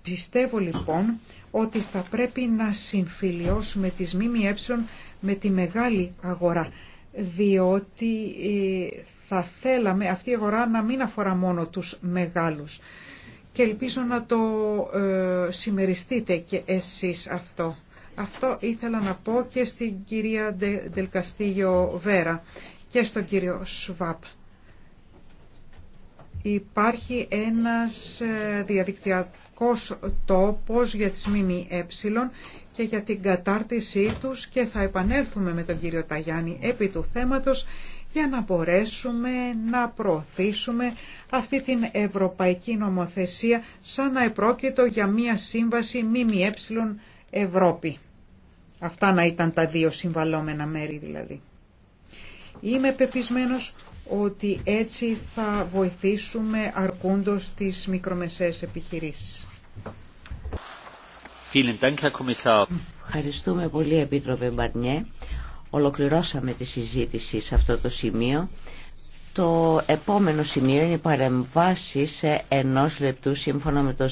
Πιστεύω λοιπόν ότι θα πρέπει να συμφιλιώσουμε τις ΜΜΕ με τη μεγάλη αγορά, διότι ε, θα θέλαμε αυτή η αγορά να μην αφορά μόνο τους μεγάλους. Και ελπίζω να το ε, συμμεριστείτε και εσείς αυτό. Αυτό ήθελα να πω και στην κυρία Ντελκαστήγιο Βέρα και στον κύριο Σουβάπ. Υπάρχει ένας ε, διαδικτυακός τόπος για τις ΜΜΕ και για την κατάρτισή τους και θα επανέλθουμε με τον κύριο Ταγιάννη επί του θέματος για να μπορέσουμε να προωθήσουμε αυτή την ευρωπαϊκή νομοθεσία σαν να επρόκειτο για μία σύμβαση ΜΜΕ Ευρώπη. Αυτά να ήταν τα δύο συμβαλόμενα μέρη δηλαδή. Είμαι πεπισμένος ότι έτσι θα βοηθήσουμε αρκούντος τις μικρομεσαίες επιχειρήσεις. Ευχαριστούμε πολύ Επίτροπε Μπαρνιέ. Ολοκληρώσαμε τη συζήτηση σε αυτό το σημείο. Το επόμενο σημείο είναι οι παρεμβάσεις ενός λεπτού σύμφωνα με το